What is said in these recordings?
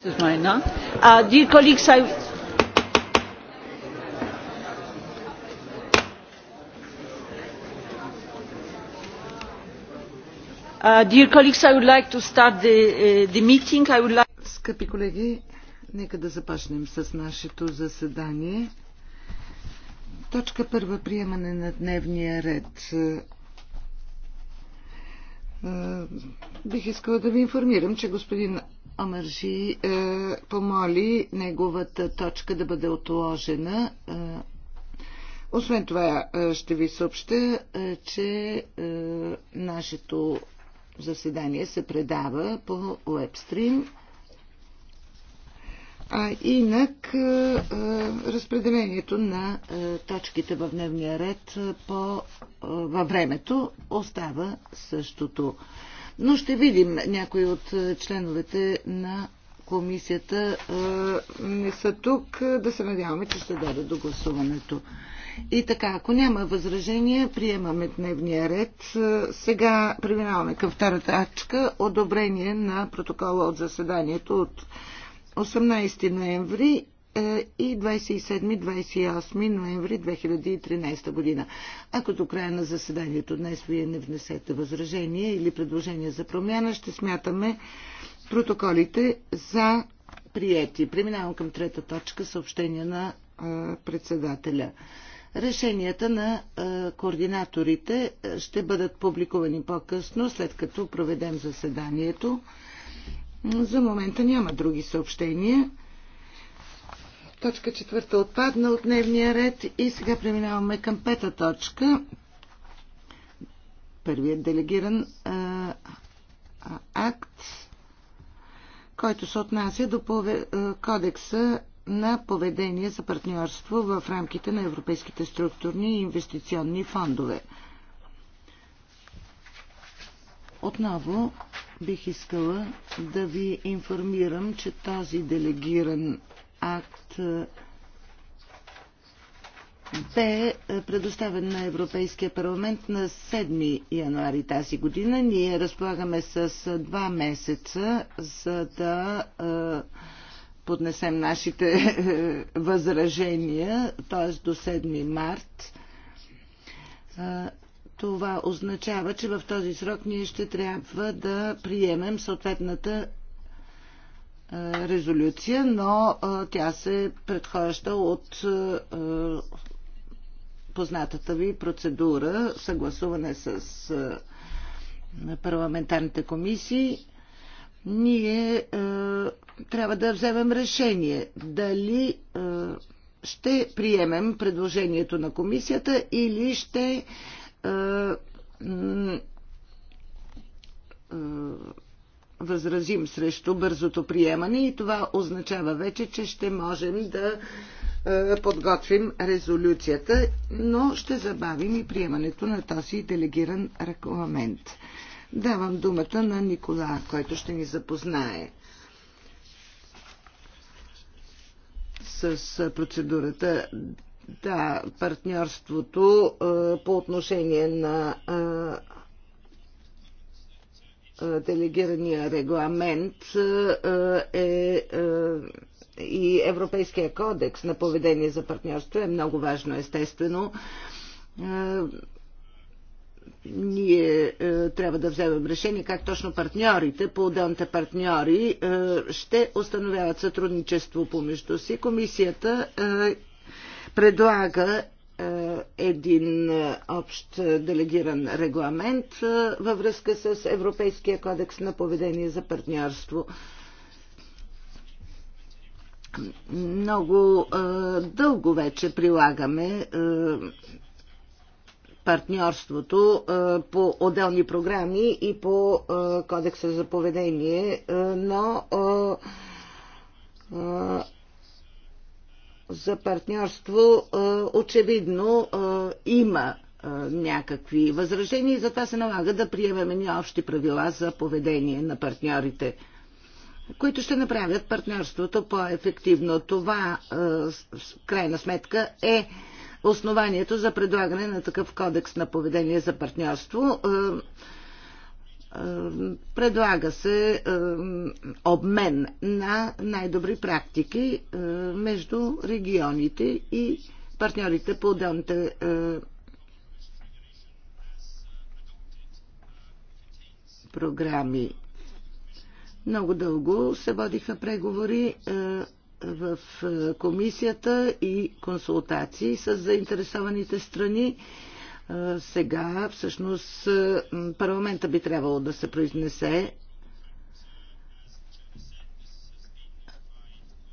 Uh, dear colleagues, I... Uh, dear colleagues, I would like to start the, uh, the meeting. I would like... Скъпи колеги, нека да започнем с нашето заседание. Точка първа приемане на дневния ред. Е, е, бих искала да ви информирам, че господин Амаржи е, помоли неговата точка да бъде отложена. Е, освен това, е, ще ви съобща, е, че е, нашето заседание се предава по вебстрим. А инак е, е, разпределението на е, точките в дневния ред е, по, е, във времето остава същото но ще видим някои от е, членовете на комисията е, не са тук. Да се надяваме, че ще дадат до гласуването. И така, ако няма възражение, приемаме дневния ред. Е, сега преминаваме към втората ачка. Одобрение на протокола от заседанието от 18 ноември е, и 27-28 ноември 2013 година. Ако до края на заседанието днес вие не внесете възражение или предложение за промяна, ще смятаме протоколите за приети. Преминавам към трета точка съобщение на е, председателя. Решенията на е, координаторите ще бъдат публикувани по-късно, след като проведем заседанието. За момента няма други съобщения. Точка четвърта отпадна от дневния ред и сега преминаваме към пета точка. Първият делегиран а, акт, който се отнася до пове, а, кодекса на поведение за партньорство в рамките на европейските структурни и инвестиционни фондове. Отново бих искала да ви информирам, че този делегиран акт е, бе е, предоставен на Европейския парламент на 7 януари тази година. Ние разполагаме с е, два месеца, за да поднесем нашите възражения, т.е. до 7 март. Това означава, че в този срок ние ще трябва да приемем съответната е, резолюция, но е, тя се предхожда от е, познатата ви процедура, съгласуване с парламентарните комисии. Ние трябва да вземем решение дали ще приемем предложението на комисията или ще възразим срещу бързото приемане и това означава вече, че ще можем да е, подготвим резолюцията, но ще забавим и приемането на този делегиран регламент. Давам думата на Никола, който ще ни запознае с процедурата да, партньорството е, по отношение на е, делегирания регламент е, е и Европейския кодекс на поведение за партньорство е много важно, естествено. Е, ние е, трябва да вземем решение как точно партньорите, по-отделните партньори, ще установяват сътрудничество помежду си. Комисията предлага е, един е, общ е, делегиран регламент във връзка с Европейския кодекс на поведение за партньорство. Много дълго вече прилагаме партньорството по отделни програми и по кодекса за поведение, но за партньорство очевидно има някакви възражения и затова се налага да приемем ни общи правила за поведение на партньорите, които ще направят партньорството по-ефективно. Това, в крайна сметка, е основанието за предлагане на такъв кодекс на поведение за партньорство. Е, предлага се е, обмен на най-добри практики е, между регионите и партньорите по отделните програми. Много дълго се водиха преговори в комисията и консултации с заинтересованите страни сега всъщност парламента би трябвало да се произнесе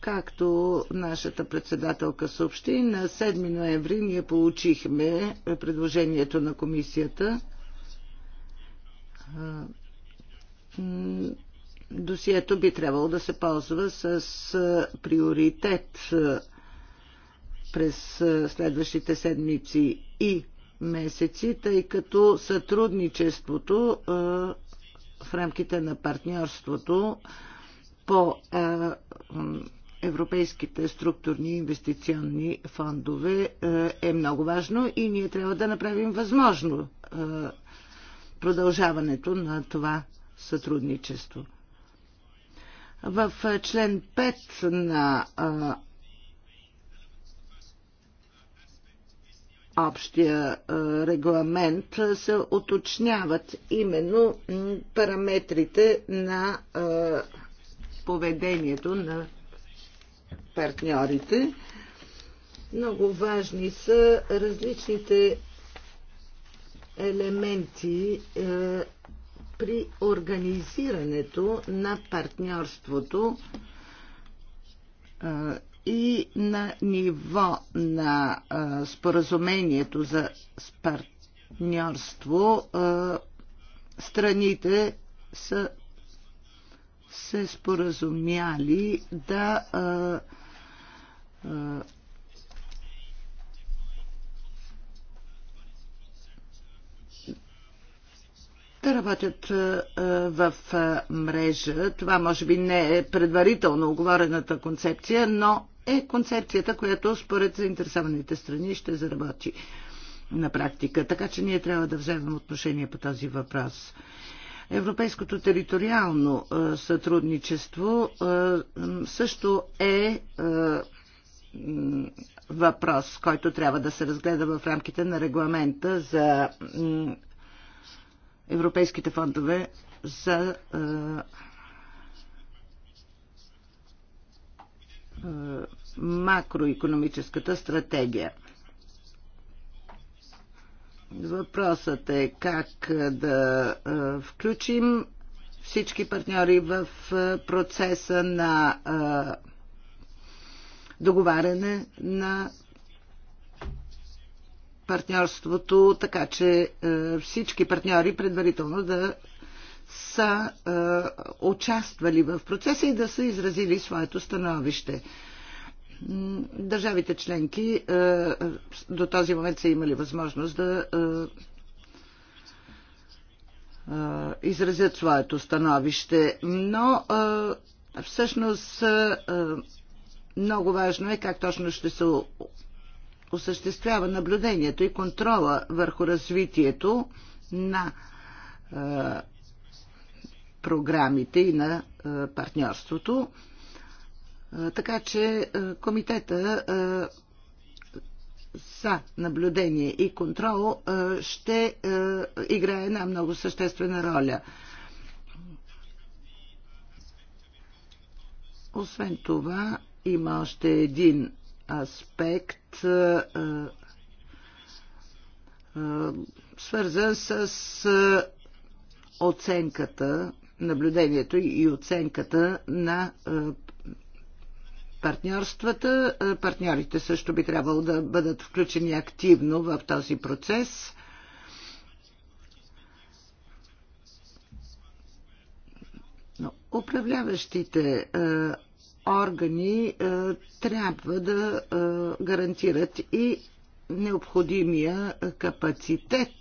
Както нашата председателка съобщи, на 7 ноември ние получихме предложението на комисията. Досието би трябвало да се ползва с приоритет през следващите седмици и месеци, тъй като сътрудничеството в рамките на партньорството по европейските структурни инвестиционни фондове е много важно и ние трябва да направим възможно продължаването на това сътрудничество. В член 5 на общия е, регламент е, се уточняват именно параметрите на е, поведението на партньорите. Много важни са различните елементи при организирането на партньорството и на ниво на а, споразумението за партньорство а, страните са се споразумяли да а, а, да работят в мрежа. Това може би не е предварително оговорената концепция, но е концепцията, която според заинтересованите страни ще заработи на практика. Така че ние трябва да вземем отношение по този въпрос. Европейското териториално е, сътрудничество е, също е, е въпрос, който трябва да се разгледа в рамките на регламента за европейските фондове за Е, макроекономическата стратегия. Въпросът е как да е, включим всички партньори в е, процеса на договаряне на партньорството, така че всички партньори предварително да са е, участвали в процеса и да са изразили своето становище. Държавите членки е, до този момент са имали възможност да е, е, изразят своето становище, но е, всъщност е, много важно е как точно ще се осъществява наблюдението и контрола върху развитието на е, програмите и на партньорството. Така че комитета за наблюдение и контрол ще играе една много съществена роля. Освен това, има още един аспект, свързан с оценката наблюдението и оценката на е, партньорствата. Е, партньорите също би трябвало да бъдат включени активно в този процес. Но управляващите е, органи трябва да гарантират и необходимия капацитет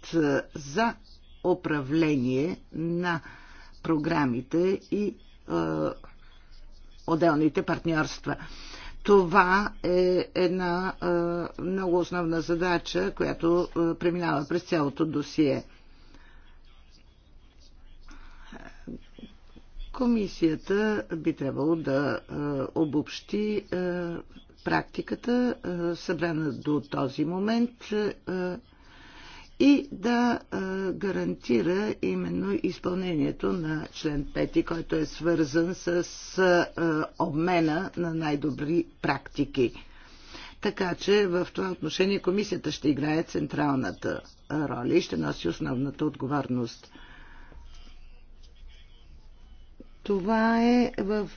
за управление на програмите и отделните партньорства. Това е една е, много основна задача, която е, преминава през цялото досие. Комисията би трябвало да е, обобщи е, практиката, е, събрана до този момент. Е, и да гарантира именно изпълнението на член 5, който е свързан с обмена на най-добри практики. Така че в това отношение комисията ще играе централната роля и ще носи основната отговорност. Това е в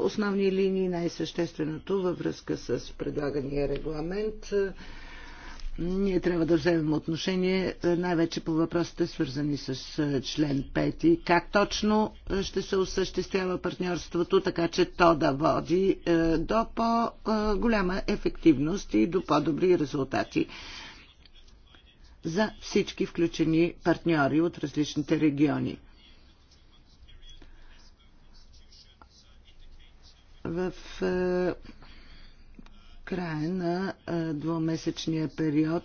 основни линии най-същественото във връзка с предлагания регламент ние трябва да вземем отношение е, най-вече по въпросите свързани с е, член 5. Как точно е, ще се осъществява партньорството, така че то да води до по-голяма ефективност и до по-добри резултати за всички включени партньори от различните региони. В края на двумесечния период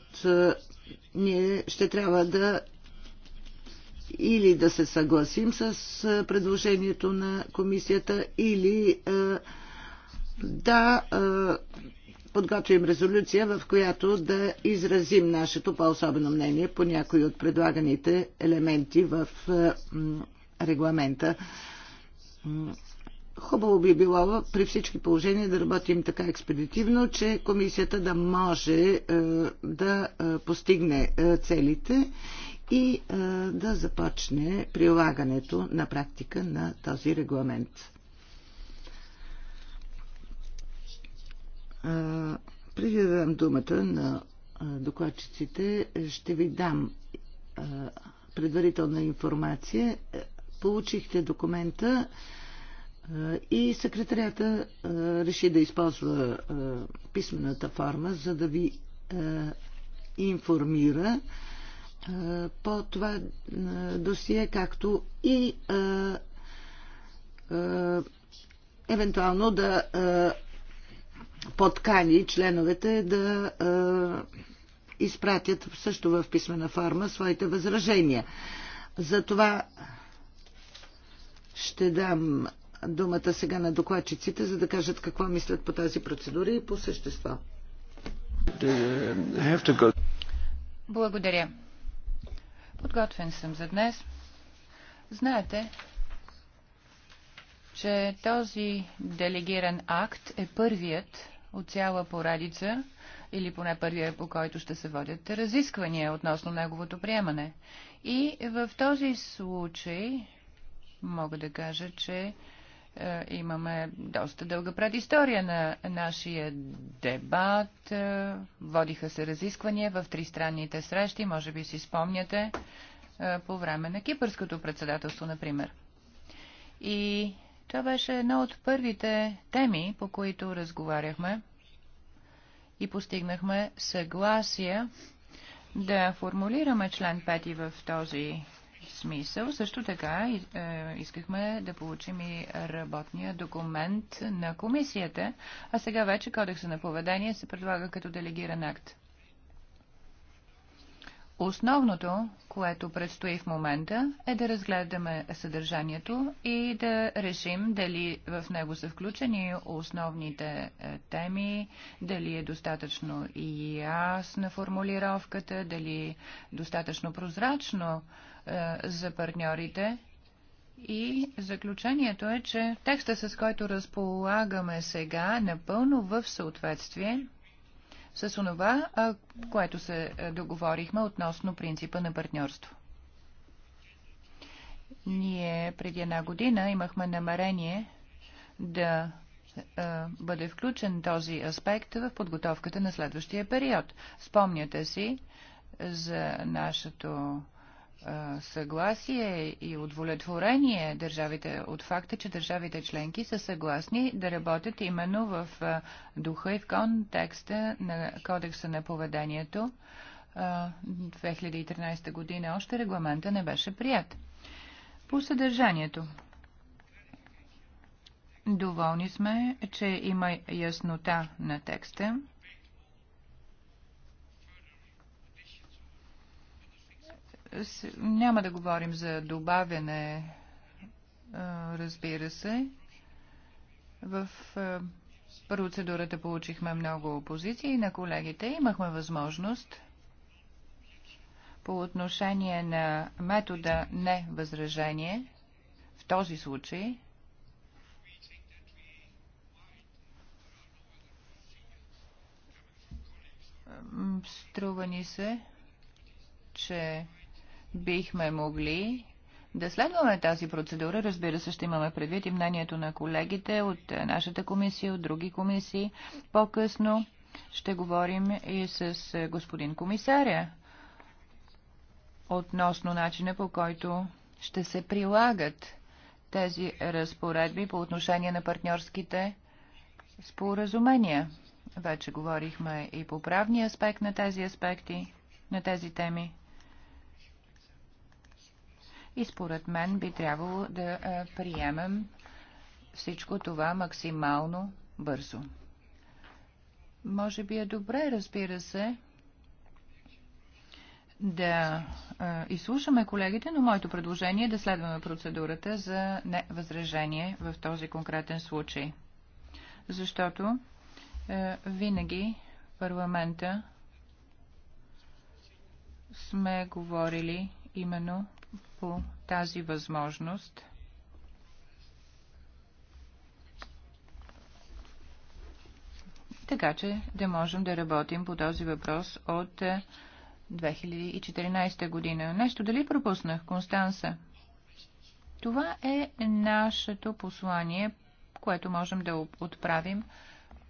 ние ще трябва да или да се съгласим с предложението на комисията, или да подготвим резолюция, в която да изразим нашето по-особено мнение по някои от предлаганите елементи в регламента Хубаво би било при всички положения да работим така експедитивно, че комисията да може е, да е, постигне е, целите и да започне прилагането на практика на този регламент. Преди да дам думата на докладчиците, ще ви дам предварителна информация. Получихте документа и секретарията реши да използва писмената форма, за да ви информира по това досие, както и евентуално да подкани членовете да изпратят също в писмена форма своите възражения. Затова ще дам думата сега на докладчиците, за да кажат какво мислят по тази процедура и по същество. Е, Благодаря. Подготвен съм за днес. Знаете, че този делегиран акт е първият от цяла поредица, или поне първия, по който ще се водят разисквания относно неговото приемане. И в този случай мога да кажа, че е, имаме доста дълга предистория на нашия дебат. Е, водиха се разисквания в тристранните срещи, може би си спомняте, е, по време на кипърското председателство, например. И това беше една от първите теми, по които разговаряхме и постигнахме съгласие да формулираме член 5 в този смисъл. Също така е, искахме да получим и работния документ на комисията, а сега вече кодекса на поведение се предлага като делегиран акт. Основното, което предстои в момента, е да разгледаме съдържанието и да решим дали в него са включени основните е, теми, дали е достатъчно ясна формулировката, дали е достатъчно прозрачно е, за партньорите. И заключението е, че текста, с който разполагаме сега, е напълно в съответствие с онова, което се е, договорихме относно принципа на партньорство. Ние преди една година имахме намерение да е, бъде включен този аспект в подготовката на следващия период. Спомняте си за нашето съгласие и удовлетворение държавите от факта, че държавите членки са съгласни да работят именно в духа и в контекста на Кодекса на поведението. 2013 година още регламента не беше прият. По съдържанието. Доволни сме, че има яснота на текста няма да говорим за добавяне, разбира се. В процедурата получихме много опозиции на колегите. Имахме възможност по отношение на метода не възражение, в този случай, струва ни се, че бихме могли да следваме тази процедура. Разбира се, ще имаме предвид и мнението на колегите от нашата комисия, от други комисии. По-късно ще говорим и с господин комисаря относно начина по който ще се прилагат тези разпоредби по отношение на партньорските споразумения. Вече говорихме и по правния аспект на тези аспекти, на тези теми и според мен би трябвало да е, приемем всичко това максимално бързо. Може би е добре, разбира се, да е, изслушаме колегите, но моето предложение е да следваме процедурата за невъзражение в този конкретен случай. Защото а, е, винаги парламента сме говорили именно по тази възможност. Така че да можем да работим по този въпрос от 2014 е, година. Нещо дали пропуснах, Констанса? Това е нашето послание, което можем да отправим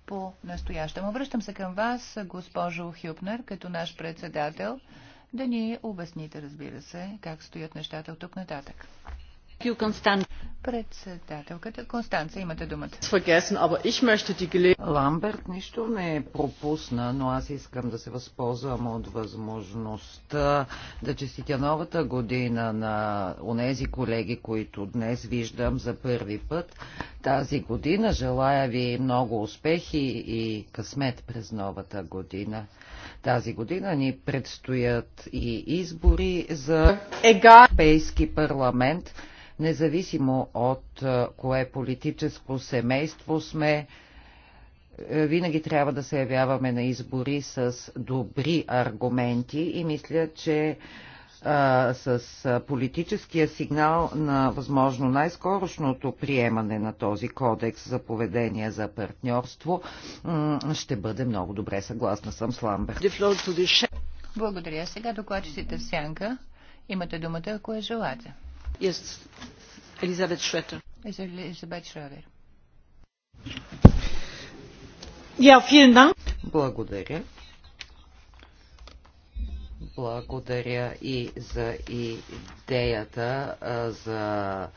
по настоящем. Обръщам се към вас, госпожо Хюпнер, като наш председател да ни обясните, разбира се, как стоят нещата от тук нататък. Председателката Констанция, имате думата. Ламберт нищо не е пропусна, но аз искам да се възползвам от възможността да честитя новата година на онези колеги, които днес виждам за първи път. Тази година желая ви много успехи и късмет през новата година. Тази година ни предстоят и избори за Европейски парламент. Независимо от е, кое политическо семейство сме, е, винаги трябва да се явяваме на избори с добри аргументи и мисля, че а, с политическия сигнал на възможно най-скорошното приемане на този кодекс за поведение за партньорство ще бъде много добре. Съгласна съм с Ламбер. Благодаря. Сега докладчиците в сянка. Имате думата, ако е желате. Yes. Елизабет Шветър. Елизабет Шредер. Благодаря. Благодаря и за идеята за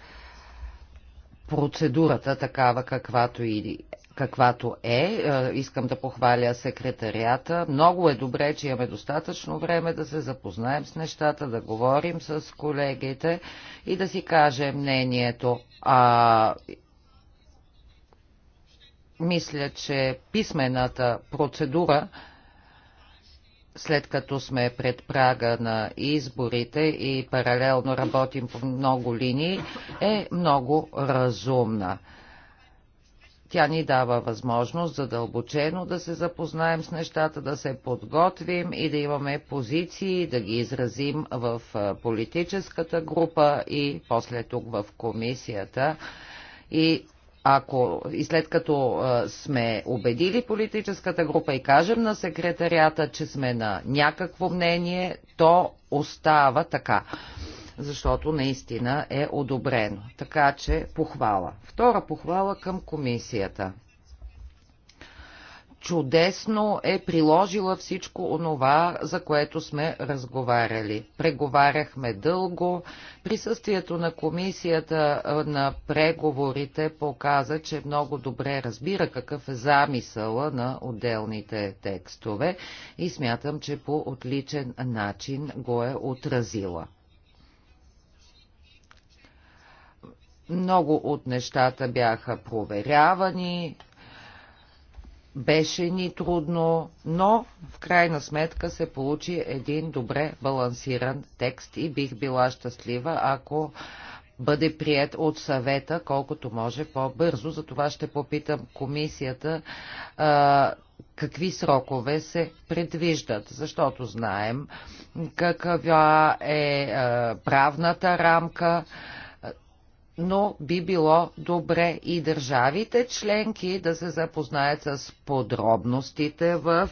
процедурата такава каквато и каквато е. Искам да похваля секретарията. Много е добре, че имаме достатъчно време да се запознаем с нещата, да говорим с колегите и да си кажем мнението. А, мисля, че писмената процедура след като сме пред прага на изборите и паралелно работим по много линии, е много разумна. Тя ни дава възможност задълбочено да се запознаем с нещата, да се подготвим и да имаме позиции, да ги изразим в политическата група и после тук в комисията. И ако и след като сме убедили политическата група и кажем на секретарията, че сме на някакво мнение, то остава така защото наистина е одобрено. Така че похвала. Втора похвала към комисията чудесно е приложила всичко онова, за което сме разговаряли. Преговаряхме дълго. Присъствието на комисията на преговорите показа, че много добре разбира какъв е замисъла на отделните текстове и смятам, че по отличен начин го е отразила. Много от нещата бяха проверявани, беше ни трудно, но в крайна сметка се получи един добре балансиран текст и бих била щастлива, ако бъде прият от съвета колкото може по-бързо. За това ще попитам комисията а, какви срокове се предвиждат, защото знаем каква е а, правната рамка. А, но би било добре и държавите членки да се запознаят с подробностите в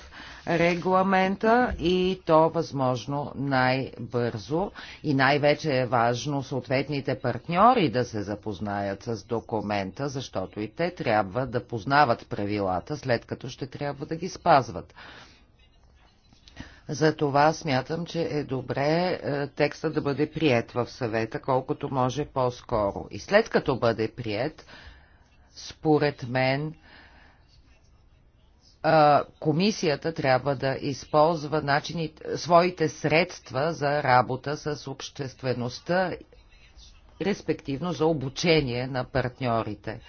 регламента и то възможно най-бързо и най-вече е важно съответните партньори да се запознаят с документа, защото и те трябва да познават правилата, след като ще трябва да ги спазват. За това смятам, че е добре е, текста да бъде прият в съвета, колкото може по-скоро. И след като бъде прият, според мен, е, комисията трябва да използва начините, своите средства за работа с обществеността, респективно за обучение на партньорите.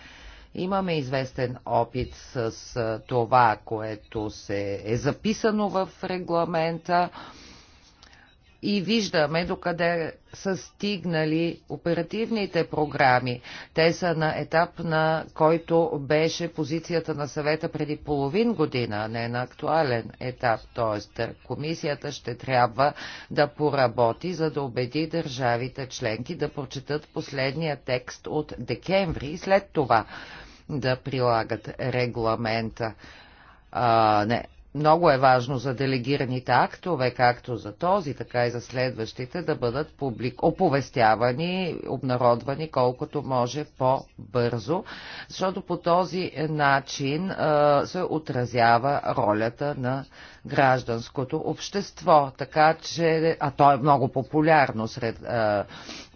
Имаме известен опит с това, което се е записано в регламента и виждаме докъде са стигнали оперативните програми. Те са на етап, на който беше позицията на съвета преди половин година, не на актуален етап. Тоест, комисията ще трябва да поработи, за да убеди държавите членки да прочетат последния текст от декември и след това да прилагат регламента. А, не, много е важно за делегираните актове, както за този, така и за следващите, да бъдат публик... оповестявани, обнародвани колкото може по-бързо, защото по този начин а, се отразява ролята на гражданското общество, така че, а то е много популярно сред, а,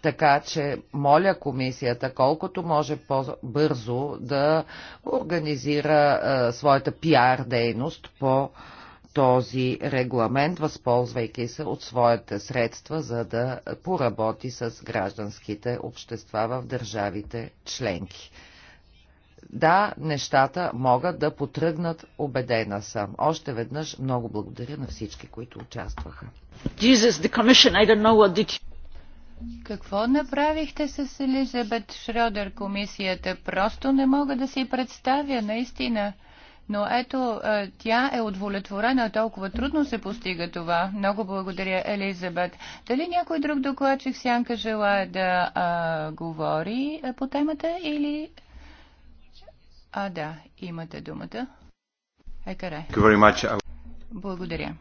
така че моля комисията колкото може по-бързо да организира а, своята пиар дейност по този регламент, възползвайки се от своите средства, за да поработи с гражданските общества в държавите членки. Да, нещата могат да потръгнат, убедена съм. Още веднъж много благодаря на всички, които участваха. Jesus, Какво направихте с Елизабет Шрёдер комисията? Просто не мога да си представя, наистина. Но ето, тя е удовлетворена, толкова трудно се постига това. Много благодаря, Елизабет. Дали някой друг докладчик Сянка желая да а, говори по темата или... А, да, имате думата. Екаре. Благодаря.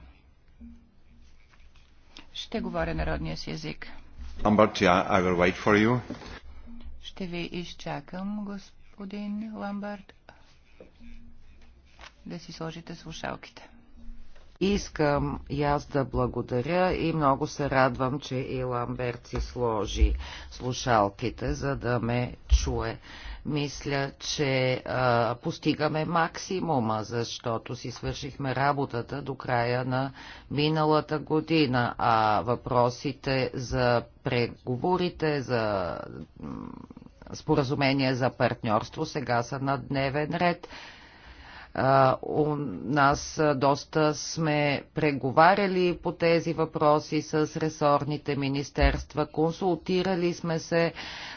Ще говоря народния си език. Ще ви изчакам, господин Ламбард, да си сложите слушалките. Искам и аз да благодаря и много се радвам, че и Ламберт си сложи слушалките, за да ме чуе. Мисля, че а, постигаме максимума, защото си свършихме работата до края на миналата година, а въпросите за преговорите, за споразумение за партньорство сега са на дневен ред у нас доста сме преговаряли по тези въпроси с ресорните министерства, консултирали сме се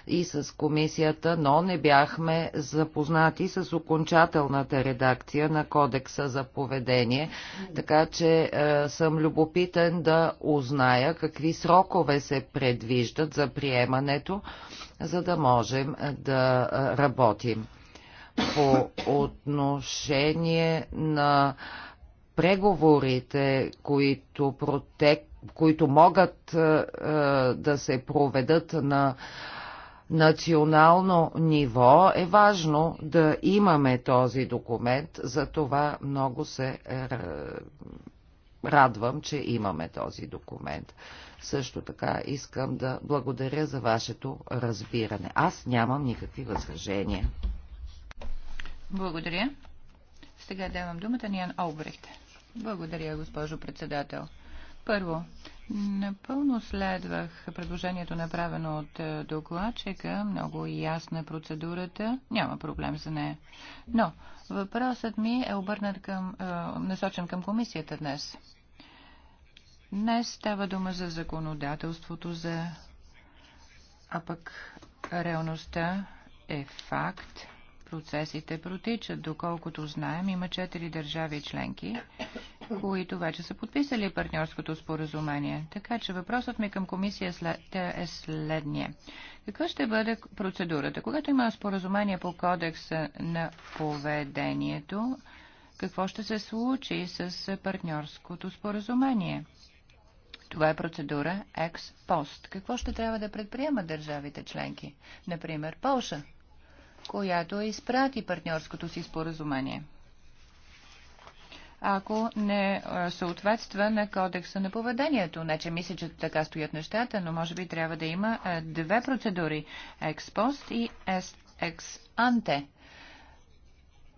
и с комисията, но не бяхме запознати с окончателната редакция на кодекса за поведение, така че съм любопитен да узная какви срокове се предвиждат за приемането, за да можем да работим по отношение на преговорите, които, протек, които могат е, е, да се проведат на национално ниво, е важно да имаме този документ. За това много се е, радвам, че имаме този документ. Също така искам да благодаря за вашето разбиране. Аз нямам никакви възражения. Благодаря. Сега давам думата Ниан Олбрехт. Благодаря, госпожо председател. Първо, напълно следвах предложението направено от е, докладчика. Много ясна процедурата. Няма проблем за нея. Но въпросът ми е обърнат към, е, насочен към комисията днес. Днес става дума за законодателството, за... а пък реалността е факт процесите протичат. Доколкото знаем, има четири държави членки, които вече са подписали партньорското споразумение. Така че въпросът ми към комисия след... е следния. Каква ще бъде процедурата? Когато има споразумение по кодекса на поведението, какво ще се случи с партньорското споразумение? Това е процедура екс-пост. Какво ще трябва да предприемат държавите членки? Например, Полша която изпрати партньорското си споразумение ако не съответства на кодекса на поведението. Не, че мисля, че така стоят нещата, но може би трябва да има две процедури – експост и ex-ante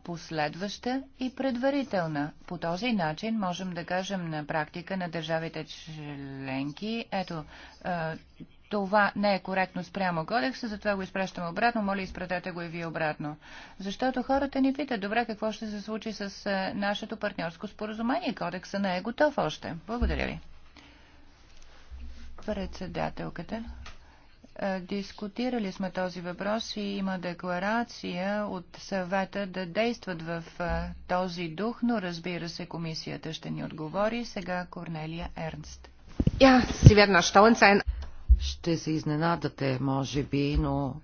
последваща и предварителна. По този начин можем да кажем на практика на държавите членки, ето, това не е коректно спрямо кодекса, затова го изпращам обратно. Моля, изпратете го и вие обратно. Защото хората ни питат, добре, какво ще се случи с е, нашето партньорско споразумение? Кодекса не е готов още. Благодаря ви. Председателката. Е, дискутирали сме този въпрос и има декларация от съвета да действат в е, този дух, но разбира се, комисията ще ни отговори. Сега Корнелия Ернст. Ja, Sie werden erstaunt sein. Ще се изненадате, може би, но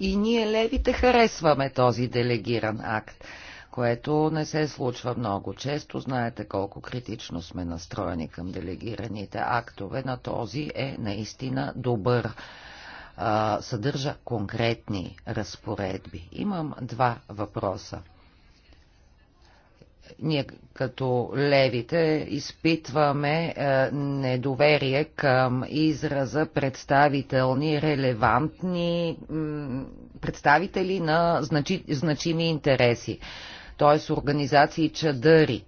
и ние левите харесваме този делегиран акт, което не се случва много често. Знаете колко критично сме настроени към делегираните актове, на този е наистина добър съдържа конкретни разпоредби. Имам два въпроса ние като левите изпитваме е, недоверие към израза представителни, релевантни представители на значи, значими интереси, т.е. организации чадъри.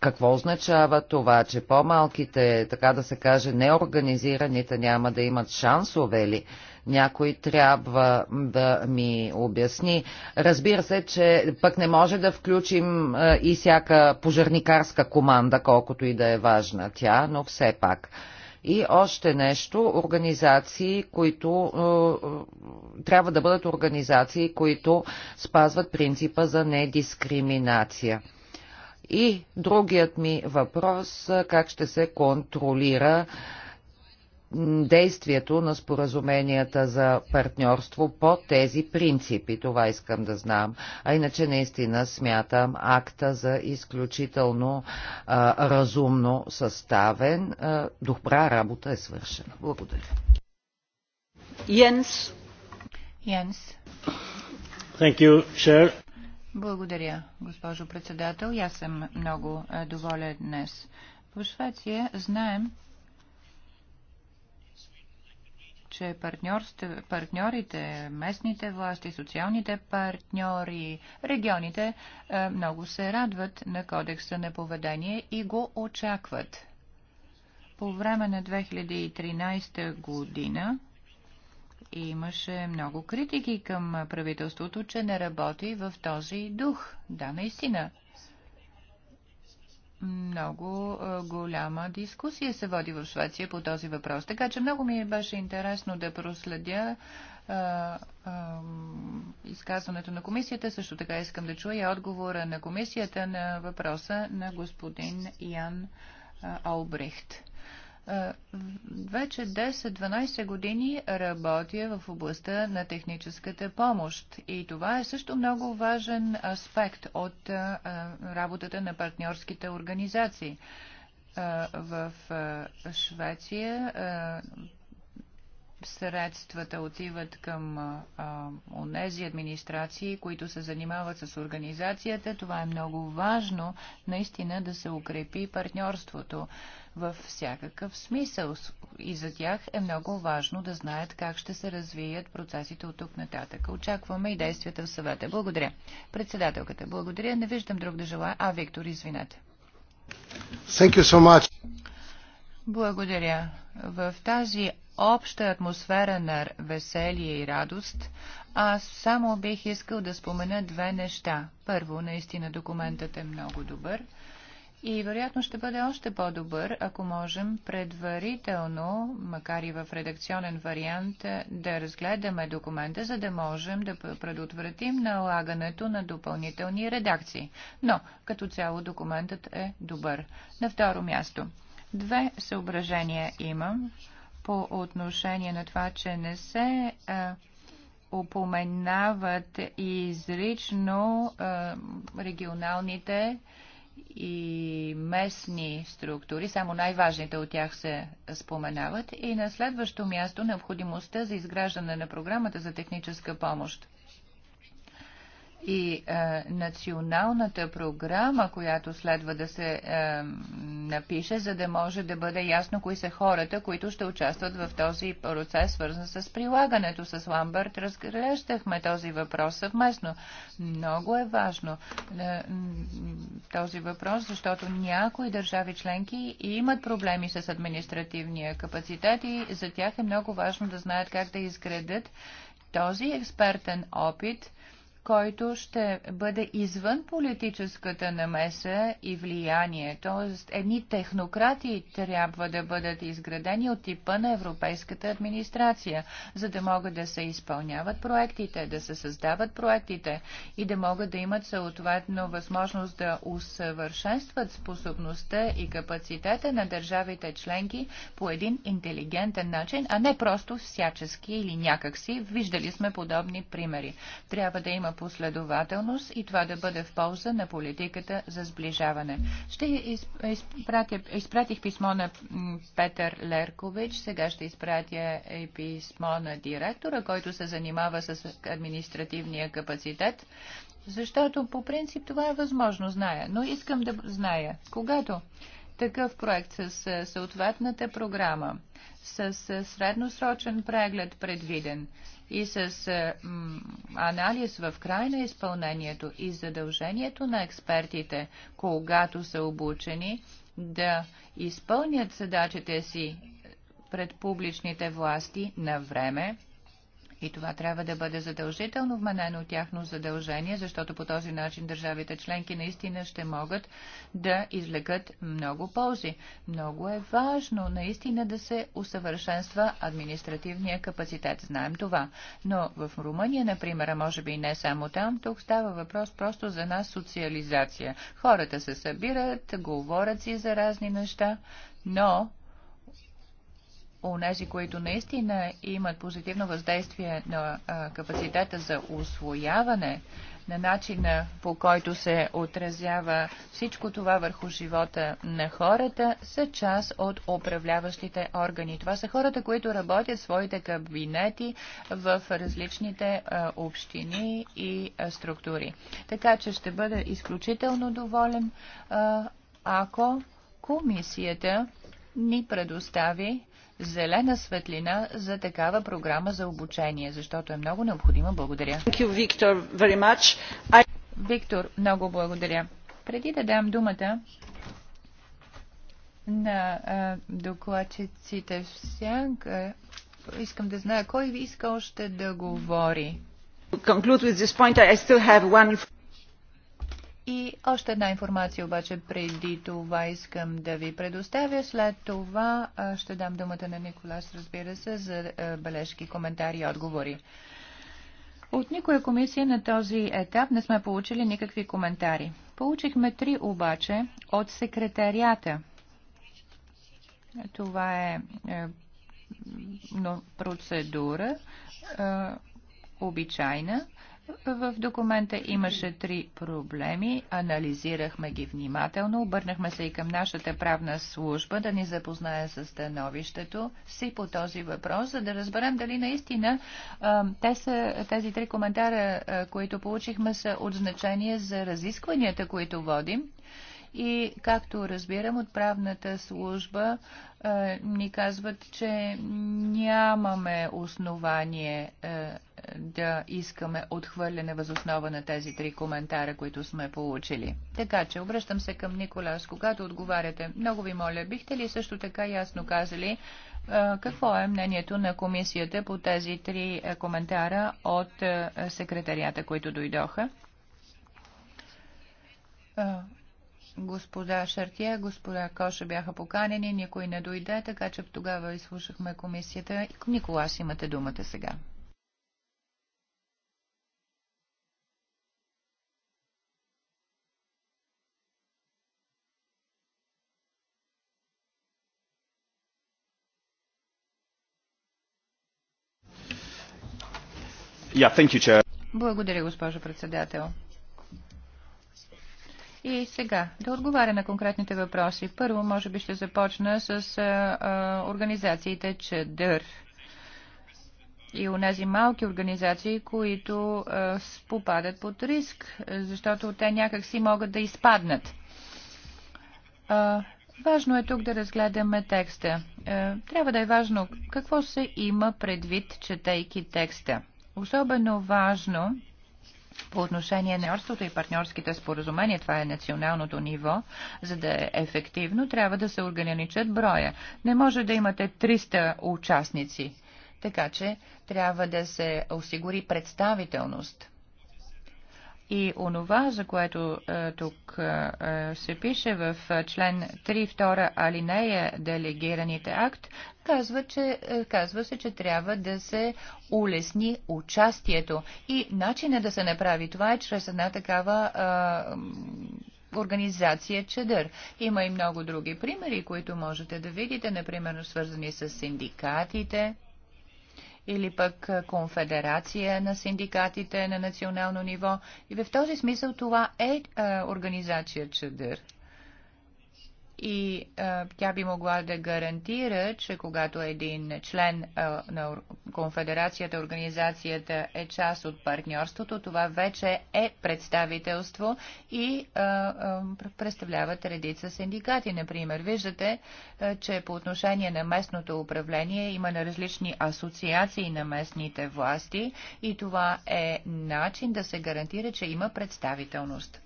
Какво означава това, че по-малките, така да се каже, неорганизираните няма да имат шансове ли? някой трябва да ми обясни. Разбира се, че пък не може да включим е, и всяка пожарникарска команда, колкото и да е важна тя, но все пак. И още нещо, организации, които е, е трябва да бъдат организации, които спазват принципа за недискриминация. И другият ми въпрос, как ще се контролира действието на споразуменията за партньорство по тези принципи. Това искам да знам. А иначе наистина смятам акта за изключително а, разумно съставен. А, добра работа е свършена. Благодаря. Йенс. Йенс. Thank you, Chair. Благодаря, госпожо председател. Аз съм много е, доволен днес. В Швеция знаем, че партньорите, местните власти, социалните партньори, регионите е, много се радват на кодекса на поведение и го очакват. По време на 2013 година и имаше много критики към правителството, че не работи в този дух. Да, наистина. Много голяма дискусия се води в Швеция по този въпрос. Така че много ми е беше интересно да проследя а, а, изказването на комисията. Също така искам да чуя отговора на комисията на въпроса на господин Ян Албрехт. Е, вече 10-12 години работя в областта на техническата помощ и това е също много важен аспект от е, е, работата на партньорските организации. В Швеция средствата отиват към тези онези администрации, които се занимават с организацията. Това е много важно, наистина да се укрепи партньорството във всякакъв смисъл. И за тях е много важно да знаят как ще се развият процесите от тук нататък. Очакваме и действията в съвета. Благодаря. Председателката, благодаря. Не виждам друг да желая. А, Виктор, извинете. Thank you so much. Благодаря. В тази обща атмосфера на веселие и радост, аз само бих искал да спомена две неща. Първо, наистина документът е много добър и вероятно ще бъде още по-добър, ако можем предварително, макар и в редакционен вариант, да разгледаме документа, за да можем да предотвратим налагането на допълнителни редакции. Но, като цяло, документът е добър. На второ място. Две съображения имам по отношение на това, че не се а, упоменават изрично а, регионалните и местни структури, само най-важните от тях се споменават, и на следващо място необходимостта за изграждане на програмата за техническа помощ и е, националната програма, която следва да се е, напише, за да може да бъде ясно кои са хората, които ще участват в този процес, свързан с прилагането. С Ламбърт разглеждахме този въпрос съвместно. Много е важно е, този въпрос, защото някои държави членки имат проблеми с административния капацитет и за тях е много важно да знаят как да изградят този експертен опит – който ще бъде извън политическата намеса и влияние. Тоест, едни технократи трябва да бъдат изградени от типа на европейската администрация, за да могат да се изпълняват проектите, да се създават проектите и да могат да имат съответно възможност да усъвършенстват способността и капацитета на държавите членки по един интелигентен начин, а не просто всячески или някакси. Виждали сме подобни примери. Трябва да има има последователност и това да бъде в полза на политиката за сближаване. Ще изпратя, изпратих писмо на Петър Леркович, сега ще изпратя и писмо на директора, който се занимава с административния капацитет, защото по принцип това е възможно, зная, но искам да зная, когато такъв проект с съответната програма, с средносрочен преглед предвиден и с анализ в край на изпълнението и задължението на експертите, когато са обучени, да изпълнят задачите си пред публичните власти на време и това трябва да бъде задължително вменено тяхно задължение, защото по този начин държавите членки наистина ще могат да излекат много ползи. Много е важно наистина да се усъвършенства административния капацитет. Знаем това. Но в Румъния, например, а може би и не само там, тук става въпрос просто за нас социализация. Хората се събират, говорят си за разни неща, но онези, които наистина имат позитивно въздействие на а, капацитета за освояване, на начина по който се отразява всичко това върху живота на хората, са част от управляващите органи. Това са хората, които работят своите кабинети в различните а, общини и а, структури. Така че ще бъда изключително доволен, ако комисията ни предостави зелена светлина за такава програма за обучение, защото е много необходима. Благодаря. Виктор, много благодаря. Преди да дам думата на докладчиците в сянка, искам да зная кой ви иска още да говори. One... И още една информация обаче преди това искам да ви предоставя. След това ще дам думата на Николас, разбира се, за бележки, коментари и отговори. От никоя комисия на този етап не сме получили никакви коментари. Получихме три обаче от секретарията. Това е, е но процедура е, обичайна. В документа имаше три проблеми, анализирахме ги внимателно, обърнахме се и към нашата правна служба да ни запознае с становището си по този въпрос, за да разберем дали наистина те са, тези три коментара, които получихме, са от значение за разискванията, които водим. И както разбирам от правната служба, е, ни казват, че нямаме основание е, да искаме отхвърляне възоснова на тези три коментара, които сме получили. Така че, обръщам се към Николас, когато отговаряте, много ви моля, бихте ли също така ясно казали, е, какво е мнението на комисията по тези три коментара от секретарията, които дойдоха? Господа Шартия, господа Коша бяха поканени, никой не дойде, така че тогава изслушахме комисията. Николас, имате думата сега. Yeah, you, Благодаря, госпожо председател. И сега, да отговаря на конкретните въпроси. Първо, може би ще започна с а, а, организациите ЧДР и у нези малки организации, които а, попадат под риск, защото те някак си могат да изпаднат. А, важно е тук да разгледаме текста. А, трябва да е важно какво се има предвид, четейки текста. Особено важно по отношение на орството и партньорските споразумения, това е националното ниво, за да е ефективно, трябва да се ограничат броя. Не може да имате 300 участници, така че трябва да се осигури представителност и онова, за което а, е, тук а, е, е, се пише в член 3, 2 алинея делегираните акт, казва, че, казва се, че трябва да се улесни участието. И начинът да се направи това е чрез една такава организация Чедър. Има и много други примери, които можете да видите, например, свързани с синдикатите или пък конфедерация на синдикатите на национално ниво. И в този смисъл това е, е организация чадър и а, тя би могла да гарантира, че когато един член а, на конфедерацията, организацията е част от партньорството, това вече е представителство и а, а, представляват редица синдикати, например. Виждате, а, че по отношение на местното управление има на различни асоциации на местните власти и това е начин да се гарантира, че има представителност.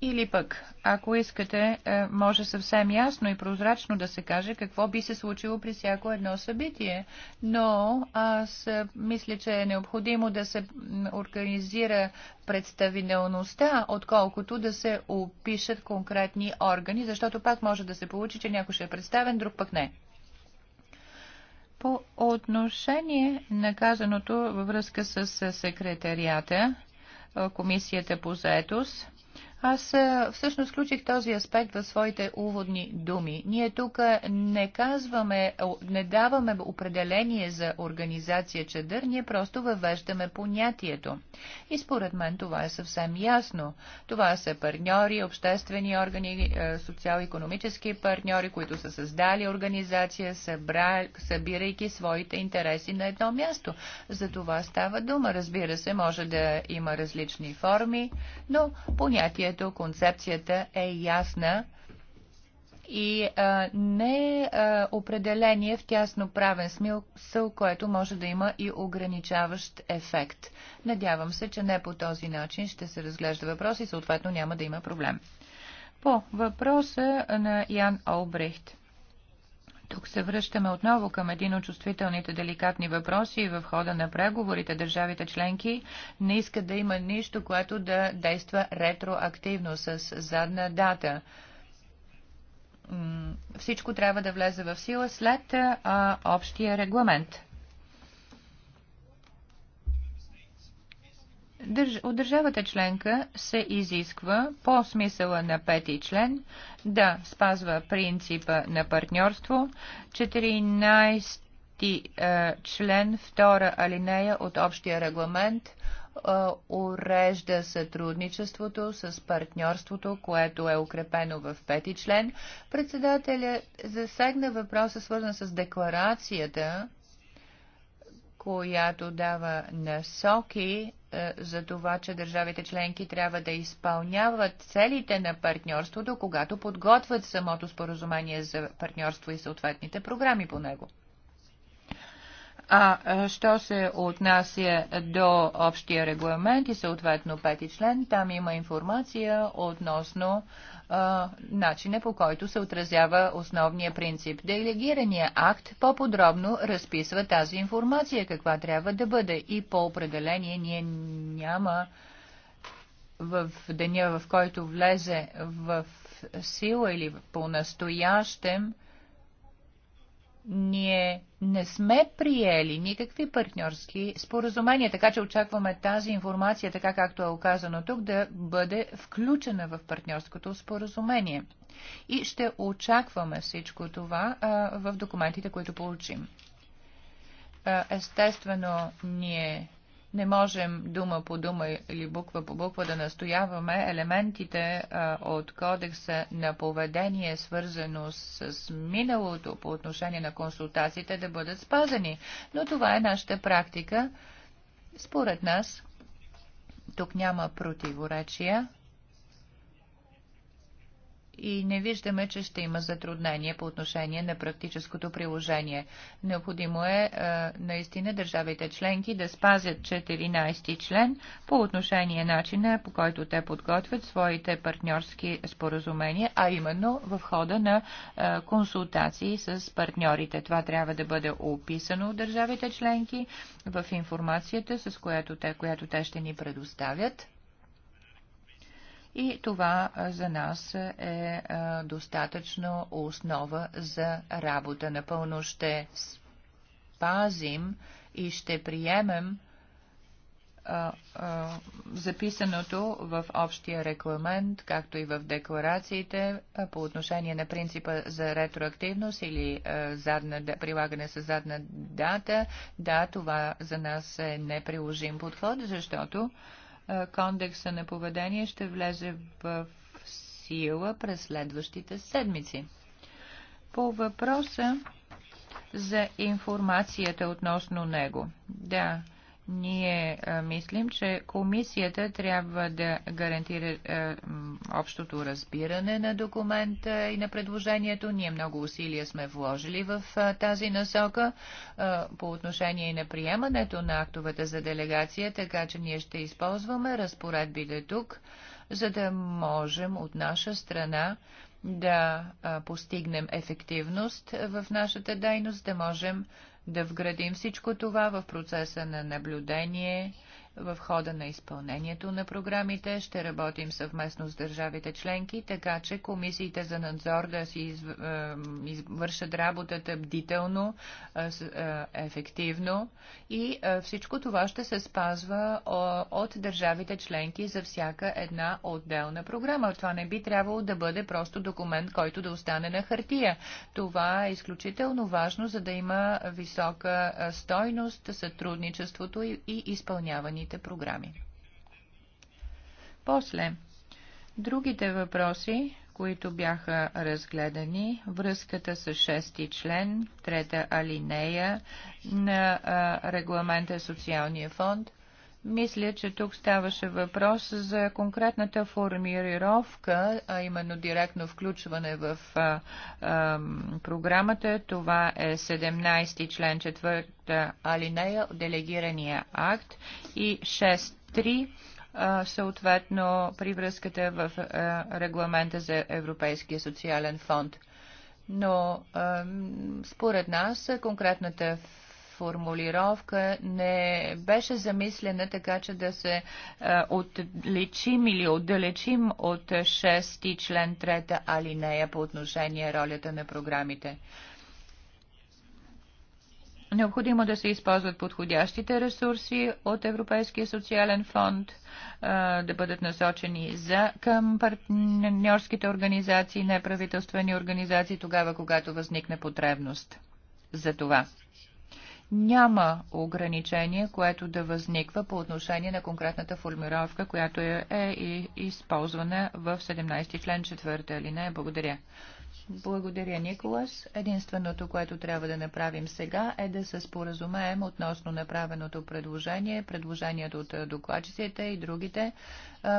Или пък, ако искате, е, може съвсем ясно и прозрачно да се каже какво би се случило при всяко едно събитие. Но аз е, мисля, че е необходимо да се организира представителността, отколкото да се опишат конкретни органи, защото пак може да се получи, че някой ще е представен, друг пък не. По отношение на казаното във връзка с е, секретарията, Комисията по заетост, аз всъщност включих този аспект в своите уводни думи. Ние тук не казваме, не даваме определение за организация чадър, ние просто въвеждаме понятието. И според мен това е съвсем ясно. Това са партньори, обществени органи, е, социал-економически партньори, които са създали организация, събра... събирайки своите интереси на едно място. За това става дума. Разбира се, може да има различни форми, но понятие понятието, концепцията е ясна и а, не е определение в тясно правен смисъл, което може да има и ограничаващ ефект. Надявам се, че не по този начин ще се разглежда въпрос и съответно няма да има проблем. По въпроса на Ян Олбрехт. Тук се връщаме отново към един от чувствителните деликатни въпроси в хода на преговорите държавите членки не искат да има нищо, което да действа ретроактивно с задна дата всичко трябва да влезе в сила след общия регламент. Държ... От държавата членка се изисква по смисъла на пети член да спазва принципа на партньорство, 14 е, член, втора алинея от общия регламент е, урежда сътрудничеството с партньорството, което е укрепено в пети член. Председателя засегна въпроса, свързан с декларацията, която дава насоки е, за това, че държавите членки трябва да изпълняват целите на партньорството, когато подготвят самото споразумение за партньорство и съответните програми по него. А е, що се отнася до общия регламент и съответно пети член, там има информация относно начина по който се отразява основния принцип. Делегирания акт по-подробно разписва тази информация, каква трябва да бъде и по определение ние няма в деня, в който влезе в сила или по настоящем, ние не сме приели никакви партньорски споразумения, така че очакваме тази информация, така както е оказано тук, да бъде включена в партньорското споразумение. И ще очакваме всичко това а, в документите, които получим. А, естествено, ние не можем дума по дума или буква по буква да настояваме елементите а, от кодекса на поведение, свързано с, с миналото по отношение на консултациите, да бъдат спазени. Но това е нашата практика. Според нас, тук няма противоречия и не виждаме, че ще има затруднение по отношение на практическото приложение. Необходимо е а, е, наистина държавите членки да спазят 14 член по отношение начина, по който те подготвят своите партньорски споразумения, а именно в хода на а, е, консултации с партньорите. Това трябва да бъде описано от държавите членки в информацията, с която те, която те ще ни предоставят и това за нас е достатъчно основа за работа. Напълно ще спазим и ще приемем записаното в общия регламент, както и в декларациите по отношение на принципа за ретроактивност или задна, прилагане с задна дата. Да, това за нас е неприложим подход, защото е, Кондекса на поведение ще влезе в сила през следващите седмици. По въпроса за информацията относно него. Да, ние мислим, че комисията трябва да гарантира общото разбиране на документа и на предложението. Ние много усилия сме вложили в тази насока по отношение и на приемането на актовете за делегация, така че ние ще използваме разпоредбите тук, за да можем от наша страна да постигнем ефективност в нашата дейност, да можем да вградим всичко това в процеса на наблюдение, в хода на изпълнението на програмите ще работим съвместно с държавите членки, така че комисиите за надзор да си е, извършат работата бдително, е, е, ефективно и всичко това ще се спазва от държавите членки за всяка една отделна програма. Това не би трябвало да бъде просто документ, който да остане на хартия. Това е изключително важно, за да има висока стойност сътрудничеството и изпълняването оперативните програми. После, другите въпроси, които бяха разгледани, връзката с шести член, трета алинея на регламента Социалния фонд, мисля, че тук ставаше въпрос за конкретната формировка, а именно директно включване в а, а, програмата. Това е 17 член 4 алинея, делегирания акт и 6.3 съответно при връзката в регламента за Европейския социален фонд. Но според нас конкретната формулировка не беше замислена така, че да се е, отличим или отдалечим от 6 член 3 алинея по отношение ролята на програмите. Необходимо да се използват подходящите ресурси от Европейския социален фонд, е, да бъдат насочени за, към партньорските организации, неправителствени организации, тогава когато възникне потребност за това няма ограничение, което да възниква по отношение на конкретната формировка, която е, е и използвана в 17 член 4 алинея. Благодаря. Благодаря, Николас. Единственото, което трябва да направим сега е да се споразумеем относно направеното предложение, предложението от е, докладчиците и другите е,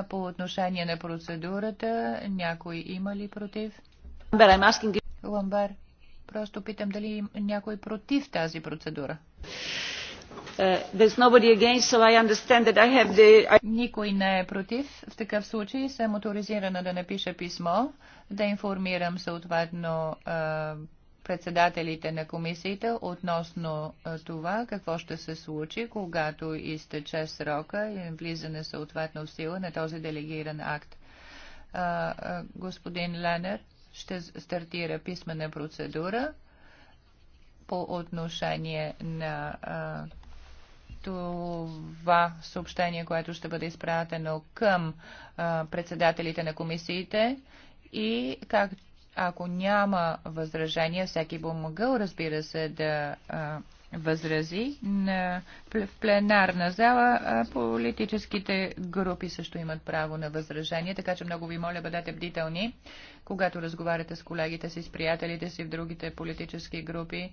по отношение на процедурата. Някой има ли против? Ламбер. Просто питам дали някой е против тази процедура. Uh, Никой не е против. В такъв случай съм авторизирана да напиша писмо, да информирам съответно председателите на комисията относно това какво ще се случи, когато изтече срока и влизане съответно в сила на този делегиран акт. Господин Ленер, ще стартира писмена процедура по отношение на а, това съобщение, което ще бъде изпратено към а, председателите на комисиите и как, ако няма възражения, всеки би могъл, разбира се, да а, възрази на, в пленарна зала, а политическите групи също имат право на възражение, така че много ви моля бъдете бдителни, когато разговаряте с колегите си, с приятелите си в другите политически групи.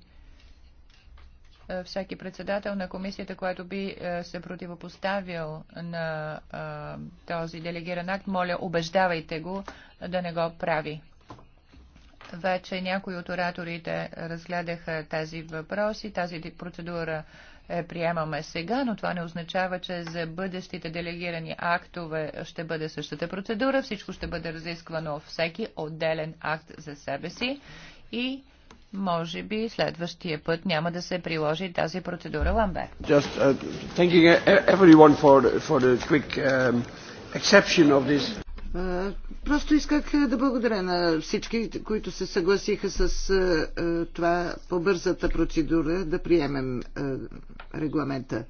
Всеки председател на комисията, който би се противопоставил на този делегиран акт, моля, убеждавайте го да не го прави. Вече някои от ораторите разгледаха въпрос и Тази процедура е, приемаме сега, но това не означава, че за бъдещите делегирани актове ще бъде същата процедура. Всичко ще бъде разисквано всеки отделен акт за себе си и може би следващия път няма да се приложи тази процедура Ламбе. Just, uh, e-, for, for quick, um, of this. Просто исках е, да благодаря на всички, които се съгласиха с е, е, това по бързата процедура да приемем регламента.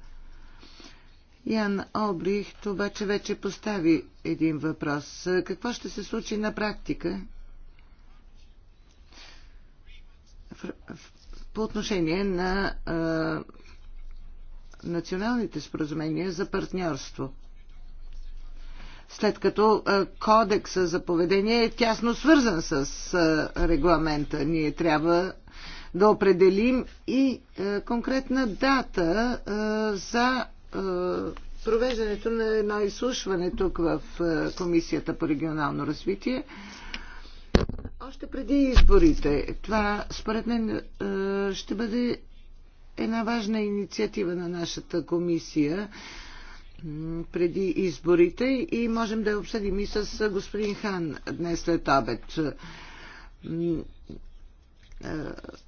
Ян Обрихт обаче вече постави един въпрос. Какво ще се случи на практика по отношение на националните споразумения за партньорство? след като е, кодекса за поведение е тясно свързан с е, регламента. Ние трябва да определим и е, конкретна дата за провеждането на едно изслушване тук в Комисията по регионално развитие. Още преди изборите. Това, според мен, ще бъде една важна инициатива на нашата комисия преди изборите и можем да я обсъдим и с господин Хан днес след обед.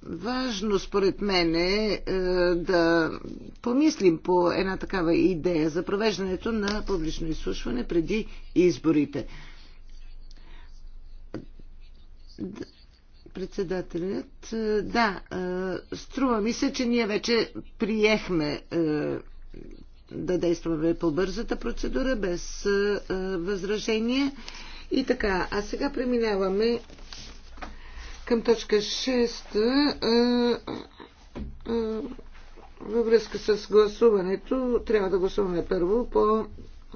Важно според мен е да помислим по една такава идея за провеждането на публично изслушване преди изборите. Председателят, да, струва ми се, че ние вече приехме да действаме по бързата процедура, без възражения. И така, а сега преминаваме към точка 6 във връзка с гласуването. Трябва да гласуваме първо по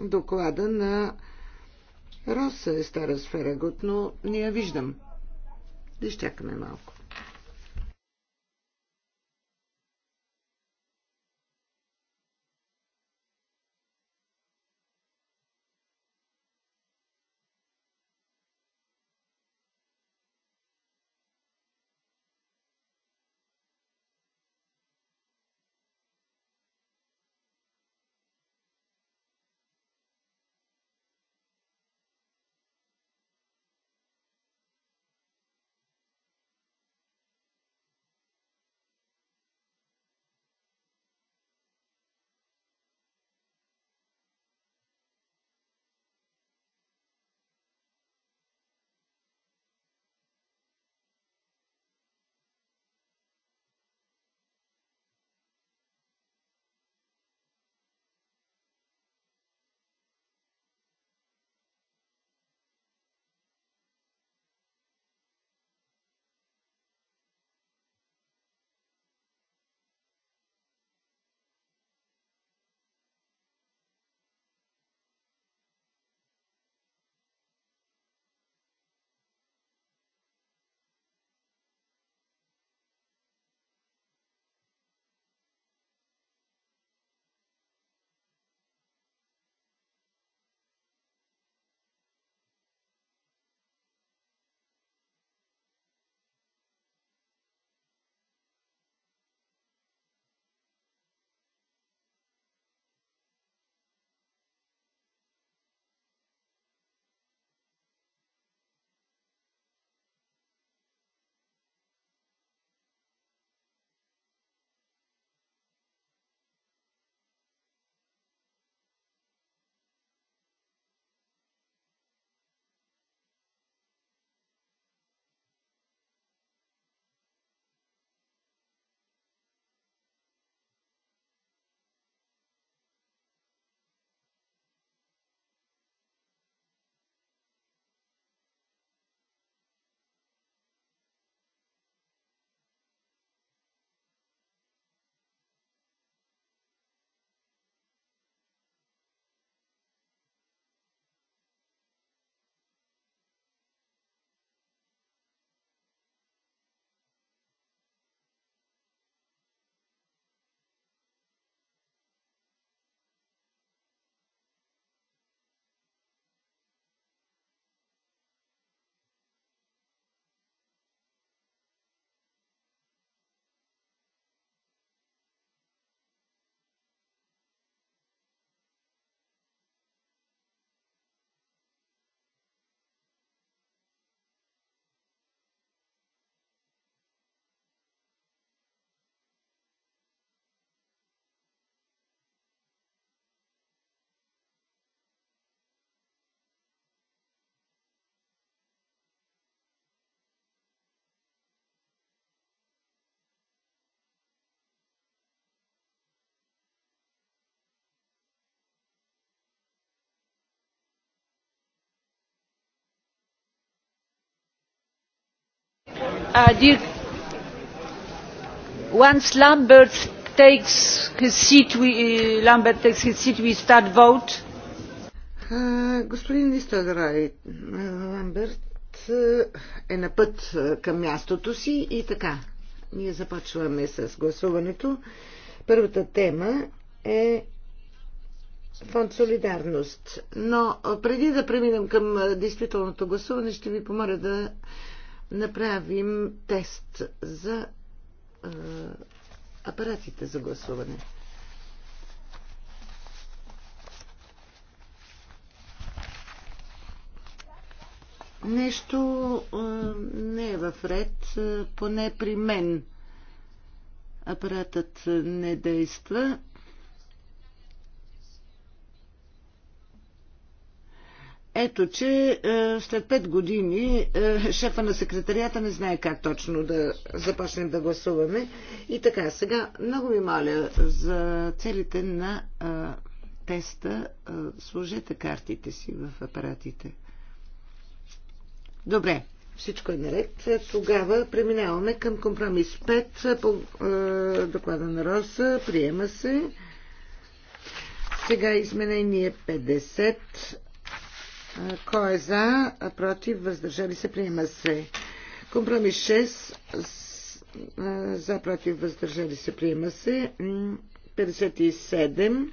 доклада на Роса е стара сфера, но не я виждам. Да изчакаме малко. Господин uh, once Lambert takes his seat, we, Ламберт uh, uh, е на път към мястото си и така. Ние започваме с гласуването. Първата тема е фонд Солидарност. Но преди да преминем към действителното гласуване, ще ви помоля да направим тест за а, апаратите за гласуване. Нещо а, не е в ред, поне при мен апаратът не действа. Ето, че е, след 5 години е, шефа на секретарията не знае как точно да започнем да гласуваме. И така, сега много ви моля за целите на е, теста, сложете картите си в апаратите. Добре, всичко е наред. Тогава преминаваме към компромис 5 по доклада на Роса. Приема се. Сега изменение 50 кой е за? Против? Въздържали се? Приема се. Компромис 6. За, против, въздържали се, приема се. 57.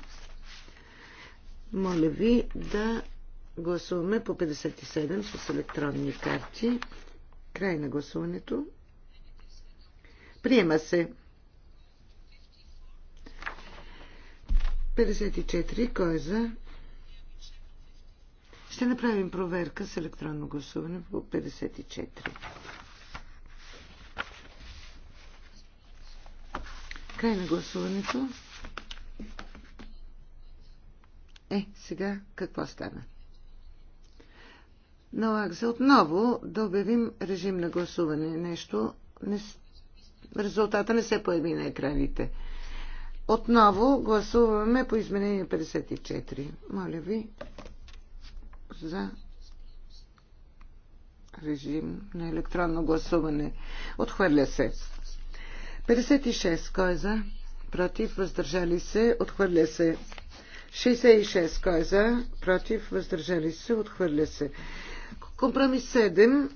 Моля ви да гласуваме по 57 с електронни карти. Край на гласуването. Приема се. 54. Кой е за? Ще направим проверка с електронно гласуване по 54. Край на гласуването. Е, сега какво стана? Налага се отново да обявим режим на гласуване. Нещо не... Резултата не се появи на екраните. Отново гласуваме по изменение 54. Моля ви, за режим на електронно гласуване. Отхвърля се. 56. Кой е за? Против. Въздържали се. Отхвърля се. 66. Кой е за? Против. Въздържали се. Отхвърля се. Компромис 7.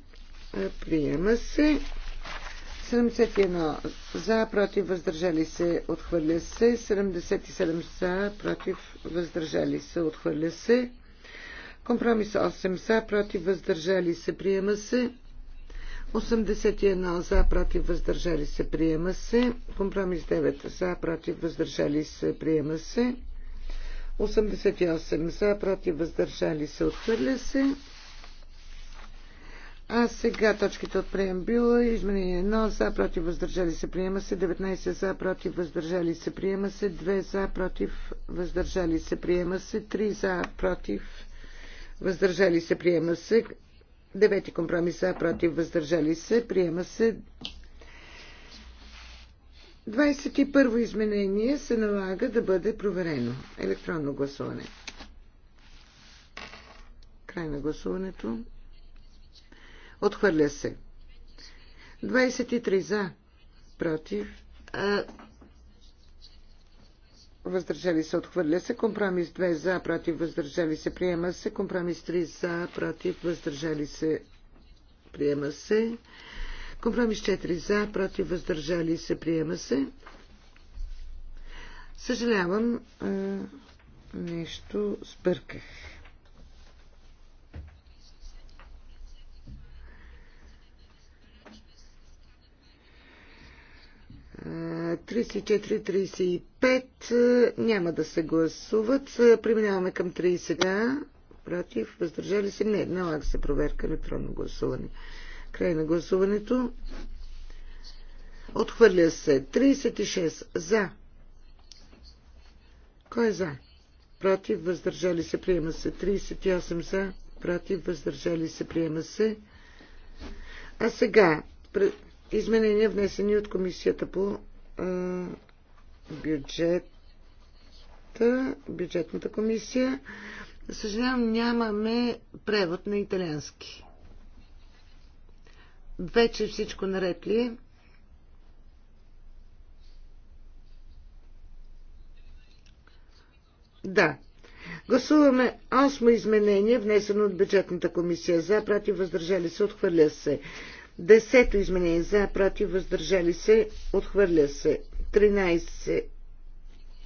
Е, приема се. 71 за, против, въздържали се, отхвърля се. 77 за, против, въздържали се, отхвърля се. Компромис 8 за, против, въздържали се, приема се. 81 за, против, въздържали се, приема се. Компромис 9 за, против, въздържали се, приема се. 88 за, против, въздържали се, отхвърля се. А сега точките от преамбюла. Изменение 1 за, против, въздържали се, приема се. 19 за, против, въздържали се, приема се. 2 за, против, въздържали се, приема се. 3 за, против, въздържали се, приема се. Девети компромис за, против, въздържали се, приема се. 21 во изменение се налага да бъде проверено. Електронно гласуване. Край на гласуването. Отхвърля се. 23 за, против. А, въздържали се, отхвърля се. Компромис 2 за, против, въздържали се, приема се. Компромис 3 за, против, въздържали се, приема се. Компромис 4 за, против, въздържали се, приема се. Съжалявам, нещо сбърках. 34-35 няма да се гласуват. Преминаваме към 30. Против, въздържали се? Не, налага се проверка електронно гласуване. Край на гласуването. Отхвърля се 36 за. Кой е за? Против, въздържали се, приема се 38 за. Против, въздържали се, приема се. А сега Изменения внесени от комисията по бюджета, бюджетната комисия. Съжалявам, нямаме превод на италиански. Вече всичко наред ли е? Да. Гласуваме осмо изменение, внесено от бюджетната комисия за, прати, въздържали се, отхвърля се. Десето изменение за, против, въздържали се, отхвърля се. 13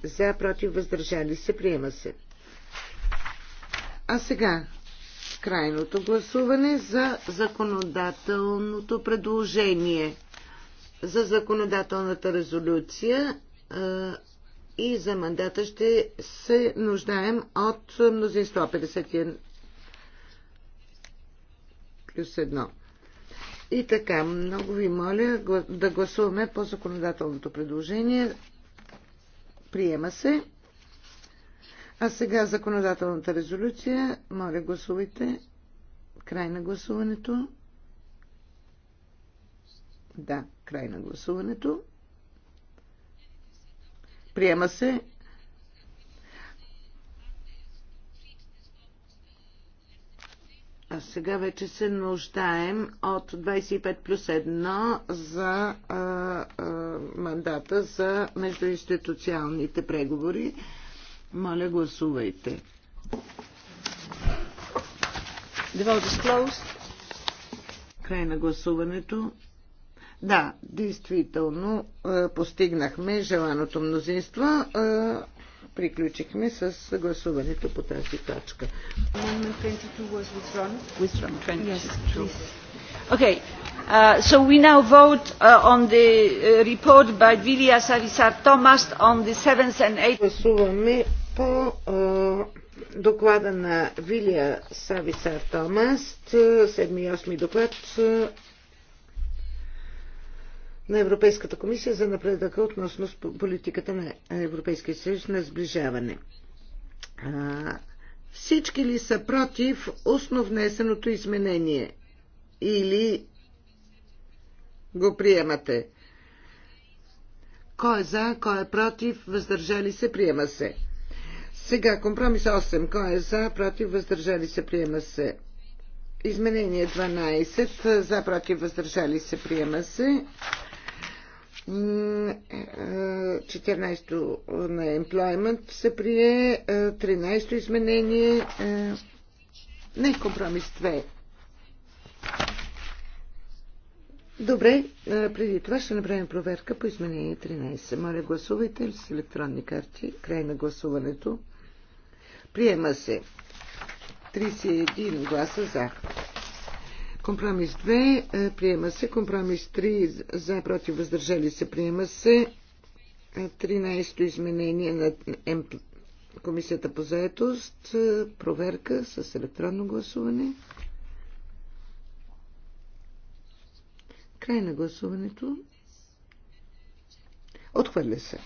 за, против, въздържали се, приема се. А сега крайното гласуване за законодателното предложение, за законодателната резолюция и за мандата ще се нуждаем от мнозинство 51 плюс 1. И така, много ви моля да гласуваме по законодателното предложение. Приема се. А сега законодателната резолюция. Моля, гласувайте. Край на гласуването. Да, край на гласуването. Приема се сега вече се нуждаем от 25 плюс 1 за а, а, мандата за междуинституциалните преговори. Моля, гласувайте. Край на гласуването. Да, действително постигнахме желаното мнозинство приключихме с гласуването по тази точка. Okay. Uh, so we now vote uh, on the uh, report by Vilia Savisar Thomas on the 7th and 8th. Гласуваме по uh, доклада на Вилия Сависар Томас, 7 и 8 доклад на Европейската комисия за напредъка относно политиката на Европейския съюз на сближаване. Всички ли са против основнесеното изменение? Или го приемате? Кой е за, кой е против, въздържали се, приема се. Сега компромис 8. Кой е за, против, въздържали се, приема се. Изменение 12. За, против, въздържали се, приема се. 14-то на employment се прие, 13-то е, изменение, е, не компромис 2. Добре, е, преди това ще направим проверка по изменение 13. Моля, гласувайте с електронни карти. Край на гласуването. Приема се 31 гласа за. Компромис 2 е, приема се. Компромис 3 за против въздържали се приема се. 13-то е, изменение на Комисията по заетост. Е, проверка с електронно гласуване. Край на гласуването. Отхвърля се.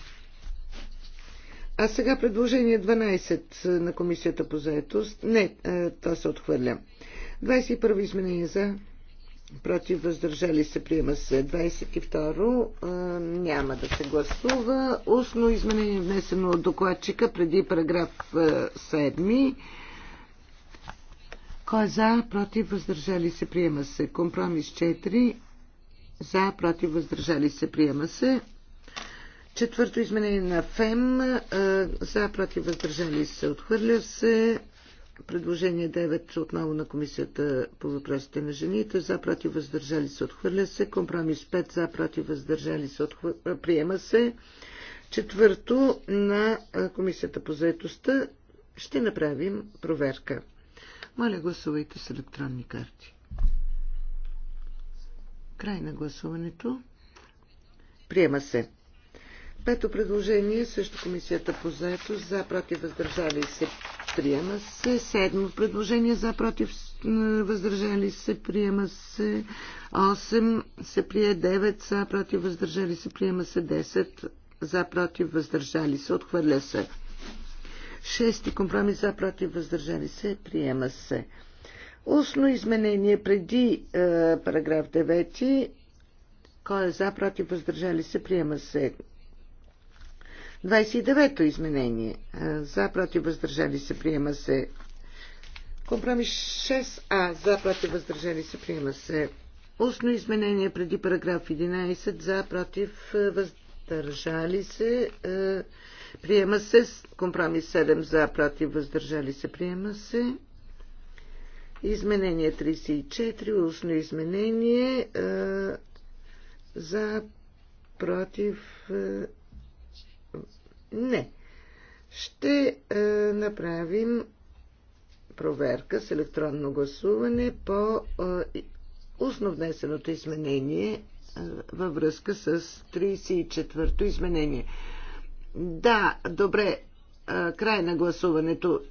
А сега предложение 12 на Комисията по заетост. Не, това се отхвърля. 21 изменение за против въздържали се приема се 22 няма да се гласува устно изменение внесено от докладчика преди параграф 7 кой е за, против, въздържали се, приема се. Компромис 4. За, против, въздържали се, приема се. Четвърто изменение на ФЕМ. За, против, въздържали се, отхвърля се. Предложение 9 отново на Комисията по въпросите на жените. За против въздържали се отхвърля се. Компромис 5 за против въздържали се отхвърля, приема се. Четвърто на Комисията по заедостта ще направим проверка. Моля гласувайте с електронни карти. Край на гласуването. Приема се. Пето предложение също Комисията по заедост за против въздържали се приема се. Седмо предложение за против въздържали се, приема се. 8 се прие, 9 за против въздържали се, приема се. 10 за против въздържали се, отхвърля се. Шести компромис за против въздържали се, приема се. Устно изменение преди е, параграф 9. Кой е за против въздържали се, приема се. 29-то изменение. За, против, въздържали се, приема се. Компромис 6А. За, против, въздържали се, приема се. Устно изменение преди параграф 11. За, против, въздържали се, приема се. Компромис 7. За, против, въздържали се, приема се. Изменение 34. Устно изменение. За, против, въздържали не. Ще е, направим проверка с електронно гласуване по е, устно внесеното изменение е, във връзка с 34-то изменение. Да, добре, е, край на гласуването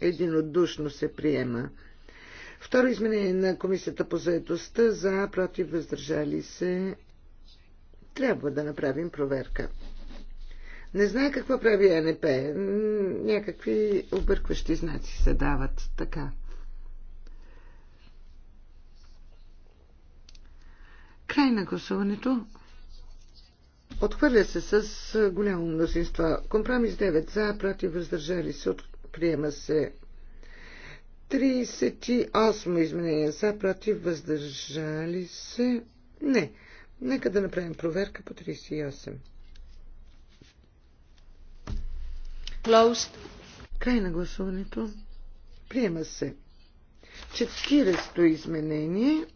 единодушно се приема. Второ изменение на Комисията по заедостта за, против, въздържали се, трябва да направим проверка. Не знае какво прави е НП. Някакви объркващи знаци се дават така. Край на гласуването. Отхвърля се с голямо мнозинство. Компромис 9 за, против, въздържали се. Приема се 38 изменения за, против, въздържали се. Не. Нека да направим проверка по 38. Closed. Край на гласуването. Приема се. 40-то изменение.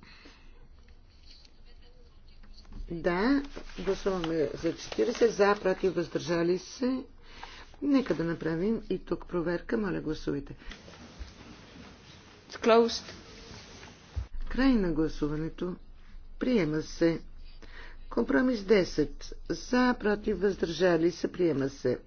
Да, гласуваме за 40, за, против, въздържали се. Нека да направим и тук проверка. Моля, гласувайте. closed. Край на гласуването. Приема се. Компромис 10. За, против, въздържали се, приема се.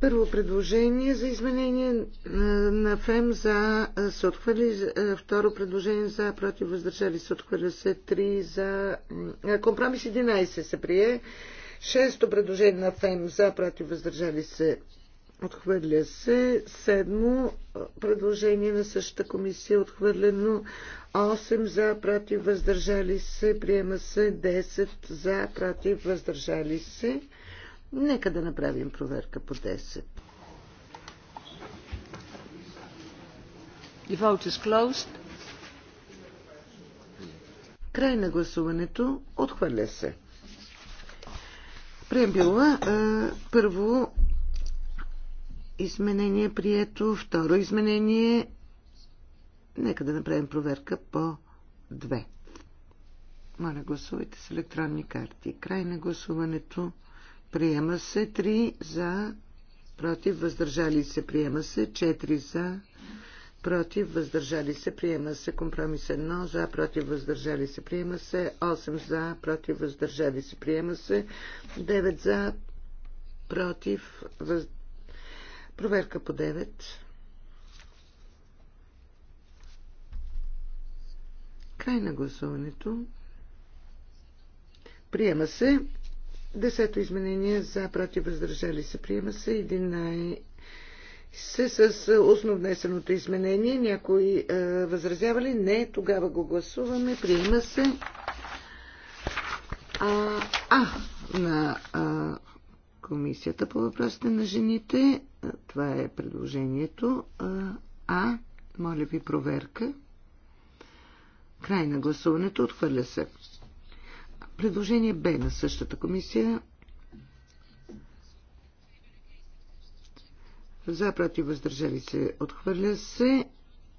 Първо предложение за изменение е, на ФЕМ за е, се отхвърли, е, второ предложение за против въздържали се отхвърли се, три за компромис 11 се прие, шесто предложение на ФЕМ за против въздържали се Отхвърля се. Седмо предложение на същата комисия. Отхвърлено. 8 за, против, въздържали се. Приема се. 10 за, против, въздържали се. Нека да направим проверка по 10. The vote is closed. Край на гласуването. Отхвърля се. Приембила. Първо Изменение прието. Второ изменение. Нека да направим проверка по 2. Моля, гласувайте с електронни карти. Край на гласуването. Приема се 3 за, против, въздържали се. Приема се 4 за, против, въздържали се. Приема се компромис 1 за, против, въздържали се. Приема се 8 за, против, въздържали се. Приема се 9 за, против, въздържали се Проверка по 9. Край на гласуването. Приема се. Десето изменение за против въздържали се. Приема се. 11 се с устно внесеното изменение. Някой е, възразява ли? Не, тогава го гласуваме. Приема се. А, а на а, Комисията по въпросите на жените това е предложението. А, моля ви проверка. Край на гласуването. Отхвърля се. Предложение Б на същата комисия. За, против, въздържали се. Отхвърля се.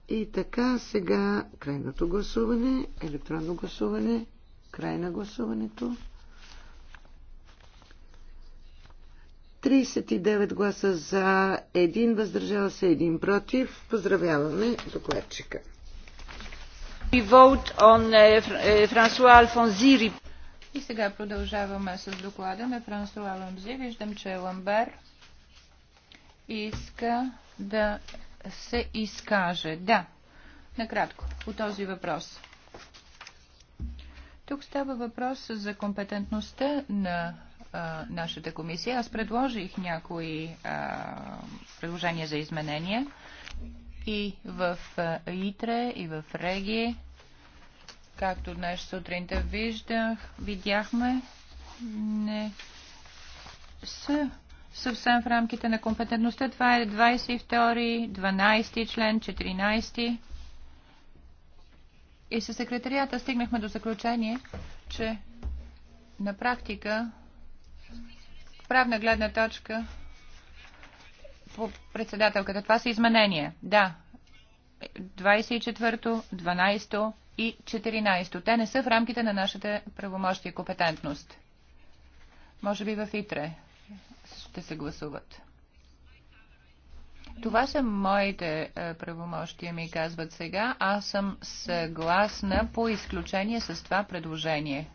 И така, сега крайното гласуване, електронно гласуване, край на гласуването. 39 гласа за, 1 въздържал се, 1 против. Поздравяваме докладчика. Е, е, и сега продължаваме с доклада на Франсуа Ламзи. Виждам, че Ламбер иска да се изкаже. Да, накратко, по този въпрос. Тук става въпрос за компетентността на нашата комисия. Аз предложих някои а, предложения за изменения и в а, ИТРЕ, и в РЕГИ. Както днес сутринта виждах, видяхме, не са съвсем в рамките на компетентността. Това е 22, 12 член, 14. И със секретарията стигнахме до заключение, че на практика правна гледна точка, по председателката, това са изменения. Да, 24 12 и 14 Те не са в рамките на нашата правомощия и компетентност. Може би в ИТРЕ ще се гласуват. Това са моите е, правомощия, ми казват сега. Аз съм съгласна по изключение с това предложение.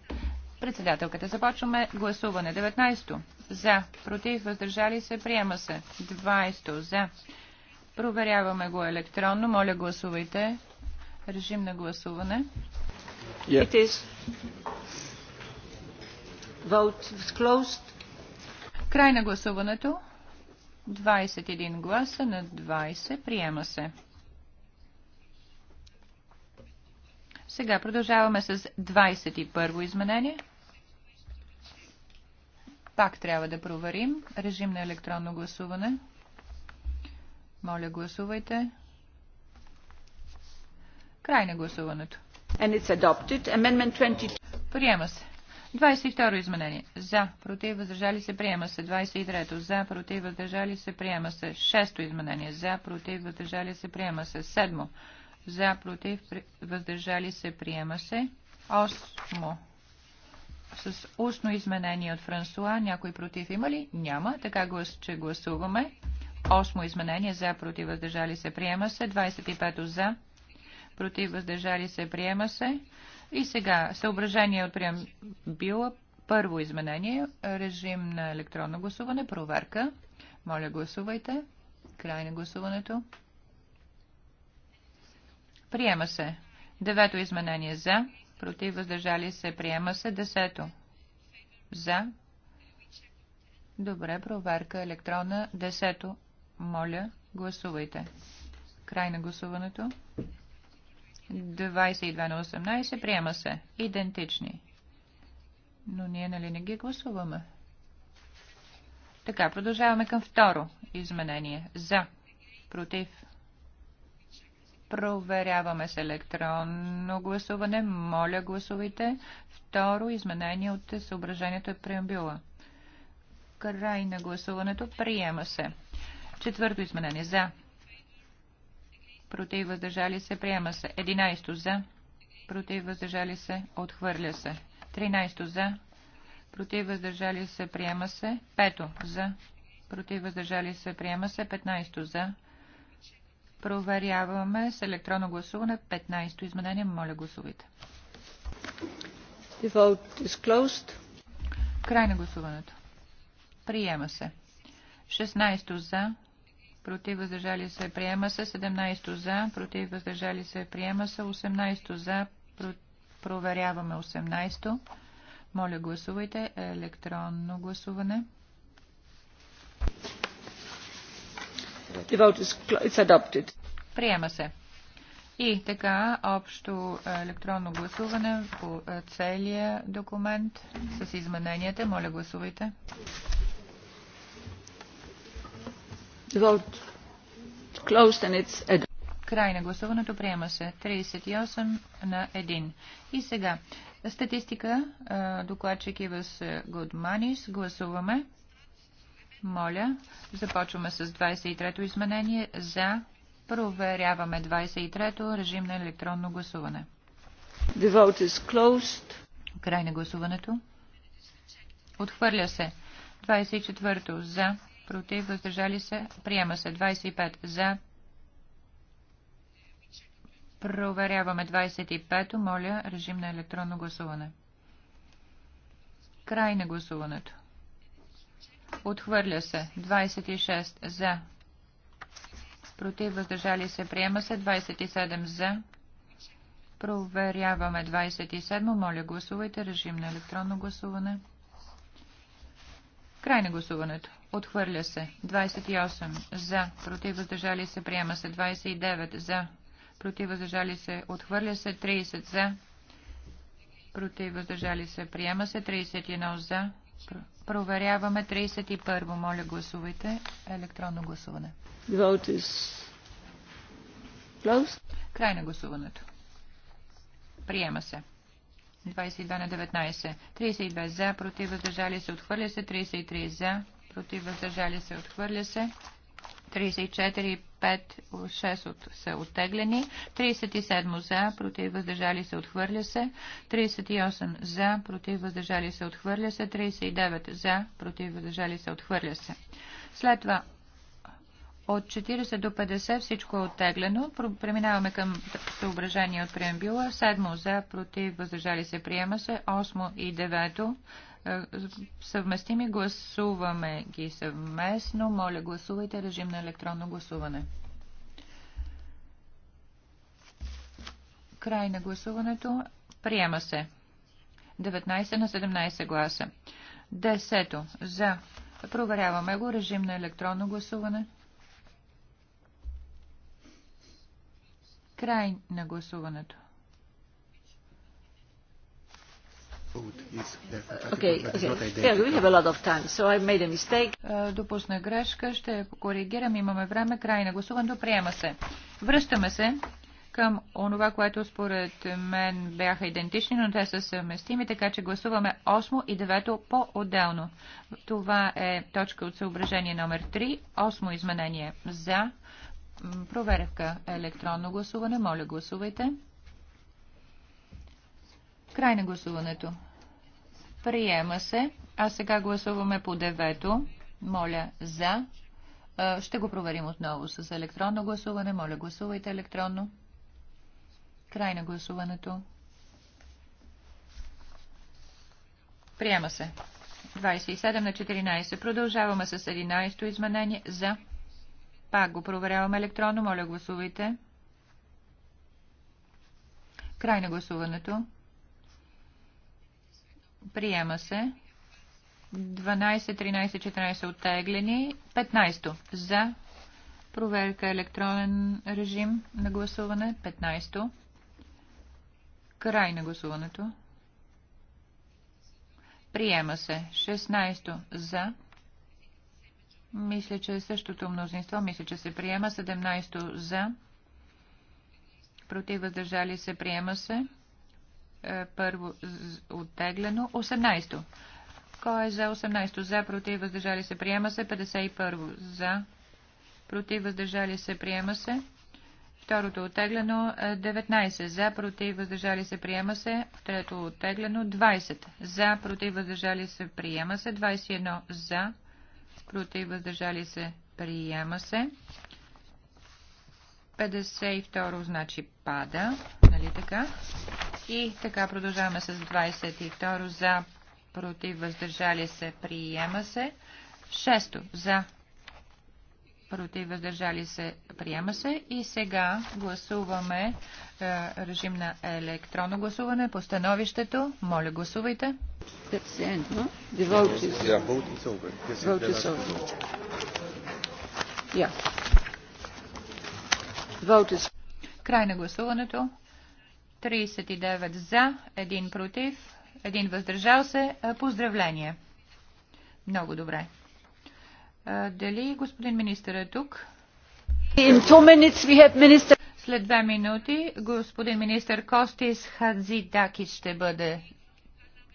Председателката. Започваме гласуване. 19. За. Против. Въздържали се. Приема се. 20. За. Проверяваме го електронно. Моля, гласувайте. Режим на гласуване. Yeah. It is. Vote is closed. Край на гласуването. 21 гласа на 20. Приема се. Сега продължаваме с 21 во изменение. Пак трябва да проверим. Режим на електронно гласуване. Моля, гласувайте. Край на гласуването. And it's adopted. Amendment 22. Приема се. 22 изменение. За, против, въздържали се, приема се. 23 За, против, въздържали се, приема се. 6 изменение. За, против, въздържали се, приема се. 7 за, против, въздържали се, приема се. Осмо. С устно изменение от Франсуа, някой против има ли? Няма, така глас, че гласуваме. Осмо изменение за, против, въздържали се, приема се. 25 за, против, въздържали се, приема се. И сега, съображение от прием била първо изменение, режим на електронно гласуване, проверка. Моля, гласувайте. Край на гласуването. Приема се. Девето изменение за. Против въздържали се. Приема се. Десето. За. Добре, проверка електронна. Десето. Моля, гласувайте. Край на гласуването. 22 на 18. Приема се. Идентични. Но ние нали не ги гласуваме? Така, продължаваме към второ изменение. За. Против. Проверяваме с електронно гласуване. Моля, гласувайте. Второ изменение от съображението е преамбюла. Край на гласуването. Приема се. Четвърто изменение. За. Против въздържали се. Приема се. Единайсто за. Против въздържали се. Отхвърля се. Тринайсто за. Против въздържали се. Приема се. Пето за. Против въздържали се. Приема се. Петнайсто за Проверяваме с електронно гласуване 15-то изменение. Моля гласувайте. The vote is closed. Край на гласуването. Приема се. 16 за, против въздържали се, приема се. 17 за, против въздържали се, приема се. 18 за, про... проверяваме 18. Моля гласувайте електронно гласуване. Приема се. И така, общо електронно гласуване по е, целия документ с измененията. Моля, гласувайте. Край на гласуването приема се 38 на 1. И сега, статистика, е, докладчик е Ивас Гудманис, гласуваме. Моля, започваме с 23-то изменение. За. Проверяваме 23-то. Режим на електронно гласуване. The vote is closed. Край на гласуването. Отхвърля се. 24-то. За. Против. Въздържали се. Приема се. 25. За. Проверяваме 25-то. Моля, режим на електронно гласуване. Край на гласуването. Отхвърля се. 26 за. Против въздържали се. Приема се. 27 за. Проверяваме 27. Моля, гласувайте. Режим на електронно гласуване. Край на гласуването. Отхвърля се. 28 за. Против въздържали се. Приема се. 29 за. Против въздържали се. Отхвърля се. 30 за. Против въздържали се. Приема се. 31 за Проверяваме 31. во Моля, гласувайте. Електронно гласуване. Vote is closed. Край на гласуването. Приема се. 22 на 19. 32 за, против, въздържали се, отхвърля се. 33 за, против, въздържали се, отхвърля се. 34 и 5, 6 от, са оттеглени. 37 за, против въздържали се, отхвърля се. 38 за, против въздържали се, отхвърля се. 39 за, против въздържали се, отхвърля се. След това от 40 до 50 всичко е оттеглено. Преминаваме към съображение от преамбюла. 7 за, против въздържали се, приема се. 8 и 9 съвместими. Гласуваме ги съвместно. Моля, гласувайте режим на електронно гласуване. Край на гласуването. Приема се. 19 на 17 гласа. Десето. За. Проверяваме го. Режим на електронно гласуване. Край на гласуването. Е, допусна грешка, ще коригирам, имаме време, край на гласуването, приема се. Връщаме се към онова, което според мен бяха идентични, но те са съвместими, така че гласуваме 8 и 9 по-отделно. Това е точка от съображение номер 3, 8 изменение за проверка електронно гласуване. Моля, гласувайте. Край на гласуването. Приема се. А сега гласуваме по девето. Моля за. Ще го проверим отново с електронно гласуване. Моля, гласувайте електронно. Край на гласуването. Приема се. 27 на 14. Продължаваме с 11-то изменение. За. Пак го проверяваме електронно. Моля, гласувайте. Край на гласуването. Приема се. 12, 13, 14 оттеглени. 15 за. Проверка електронен режим на гласуване. 15. Край на гласуването. Приема се. 16 за. Мисля, че е същото мнозинство. Мисля, че се приема. 17 за. Против въздържали се. Приема се. Е, първо оттеглено. 18. Кой е за 18? За, против, въздържали се, приема се. 51. За, против, въздържали се, приема се. Второто оттеглено 19. Е, за, против, въздържали се, приема се. Трето оттеглено 20. За, против, въздържали се, приема се. 21. За, против, въздържали се, приема се. 52 значи пада, нали така? И така продължаваме с 22 за, против, въздържали се, приема се. Шесто за, против, въздържали се, приема се. И сега гласуваме е, режим на електронно гласуване по становището. Моля, гласувайте. Край на гласуването. 39 за, 1 против, 1 въздържал се. Е, Поздравление! Много добре. Е, дали господин министър е тук? След две минути господин министър Костис Хадзидакис ще бъде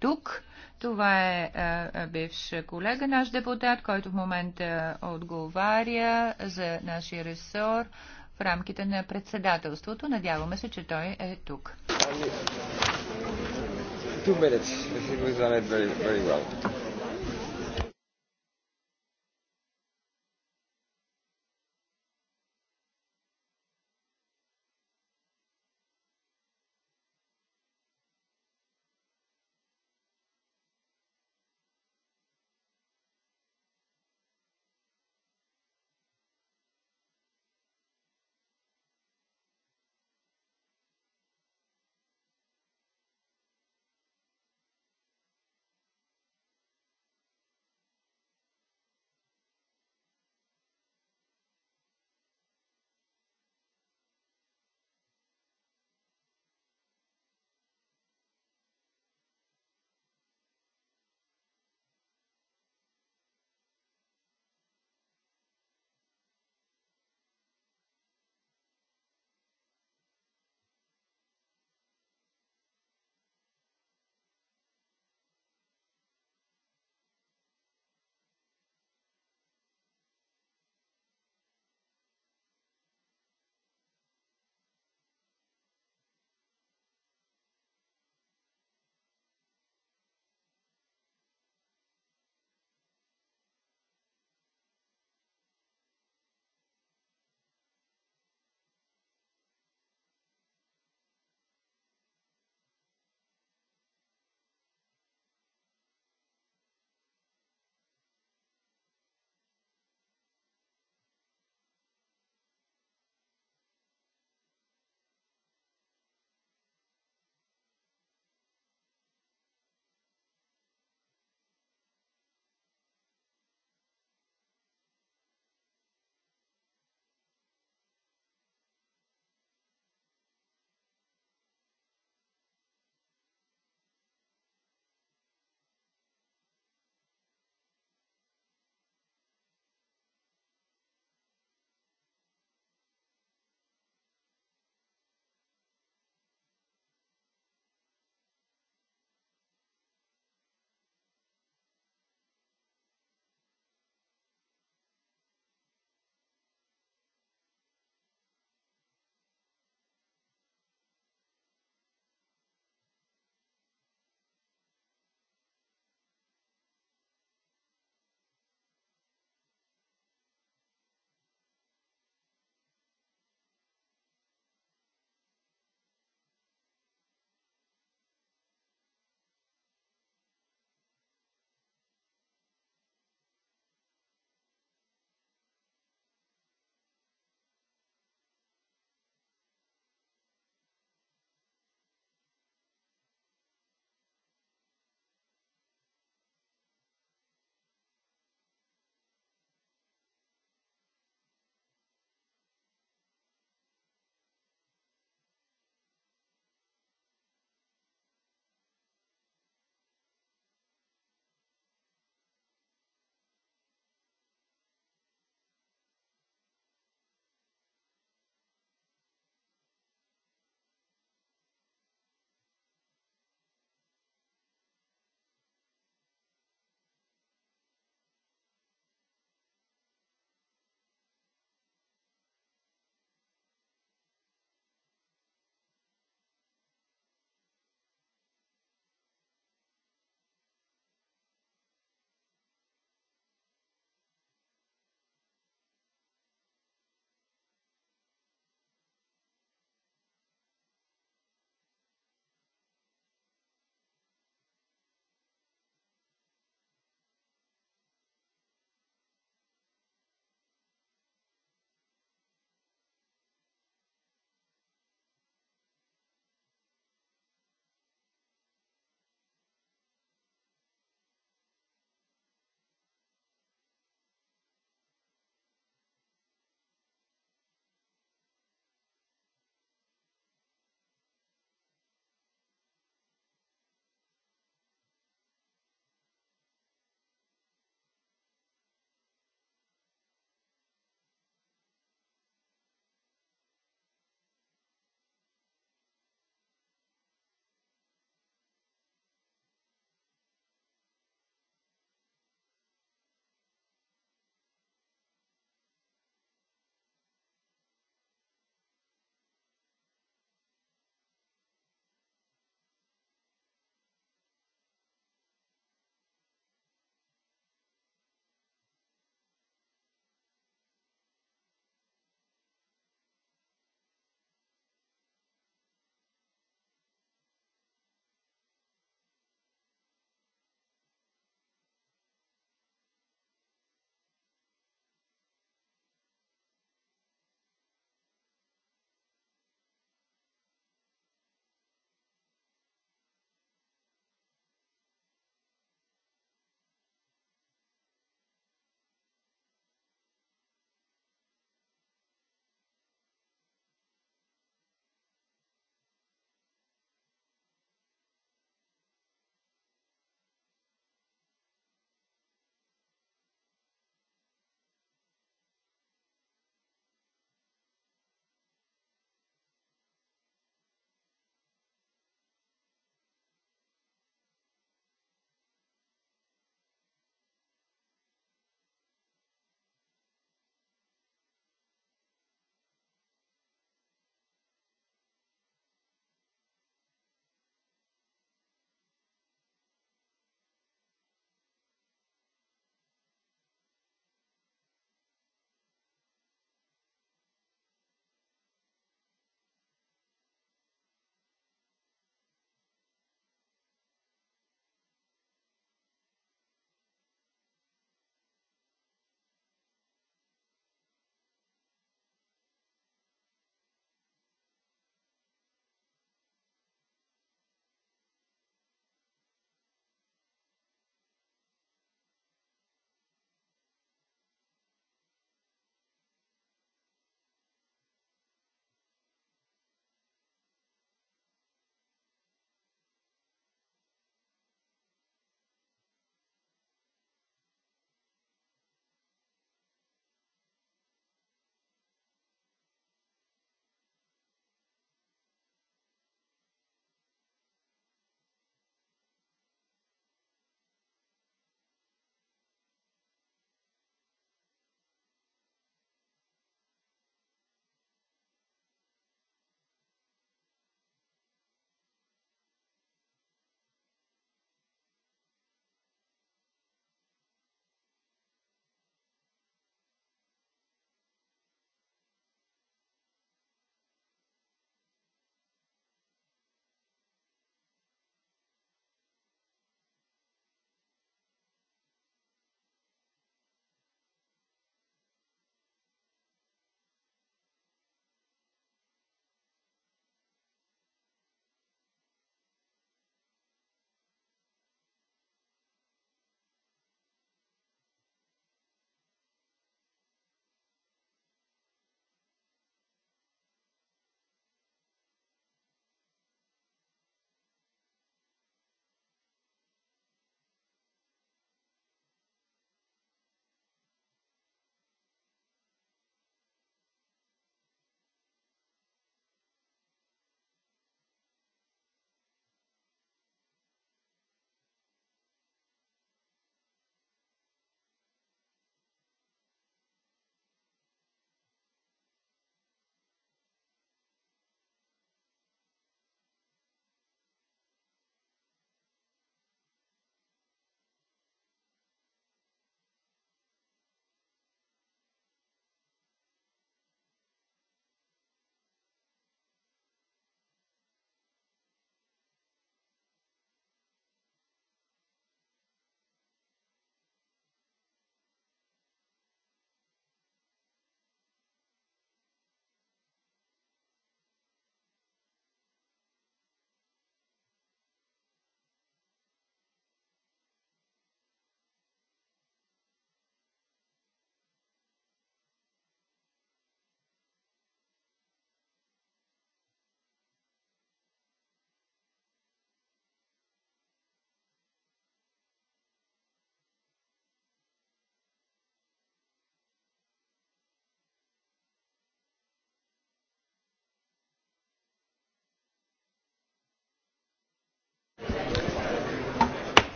тук. Това е, е бивш колега, наш депутат, който в момента отговаря за нашия ресор в рамките на председателството. Надяваме се, че той е тук. Two minutes. This is very, very well.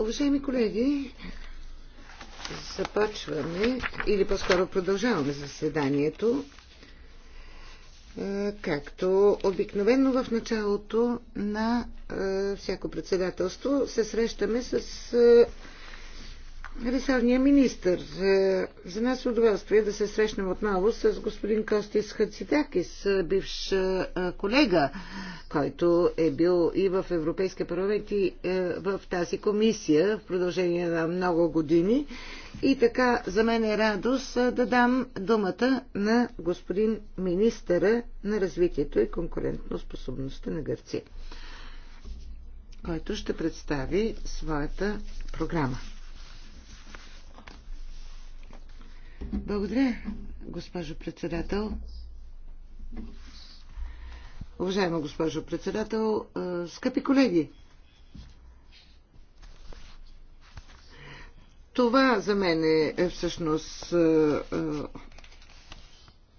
Уважаеми колеги, започваме или по-скоро продължаваме заседанието. Е, както обикновено в началото на е, всяко председателство се срещаме с е, ресорния министр. За нас е удоволствие да се срещнем отново с господин Костис Хацитакис, бивш колега, който е бил и в Европейския парламент и е, в тази комисия в продължение на много години. И така, за мен е радост да дам думата на господин министъра на развитието и способността на Гърция който ще представи своята програма. Благодаря, госпожо председател. Уважаема госпожо председател, скъпи колеги, това за мен е, е всъщност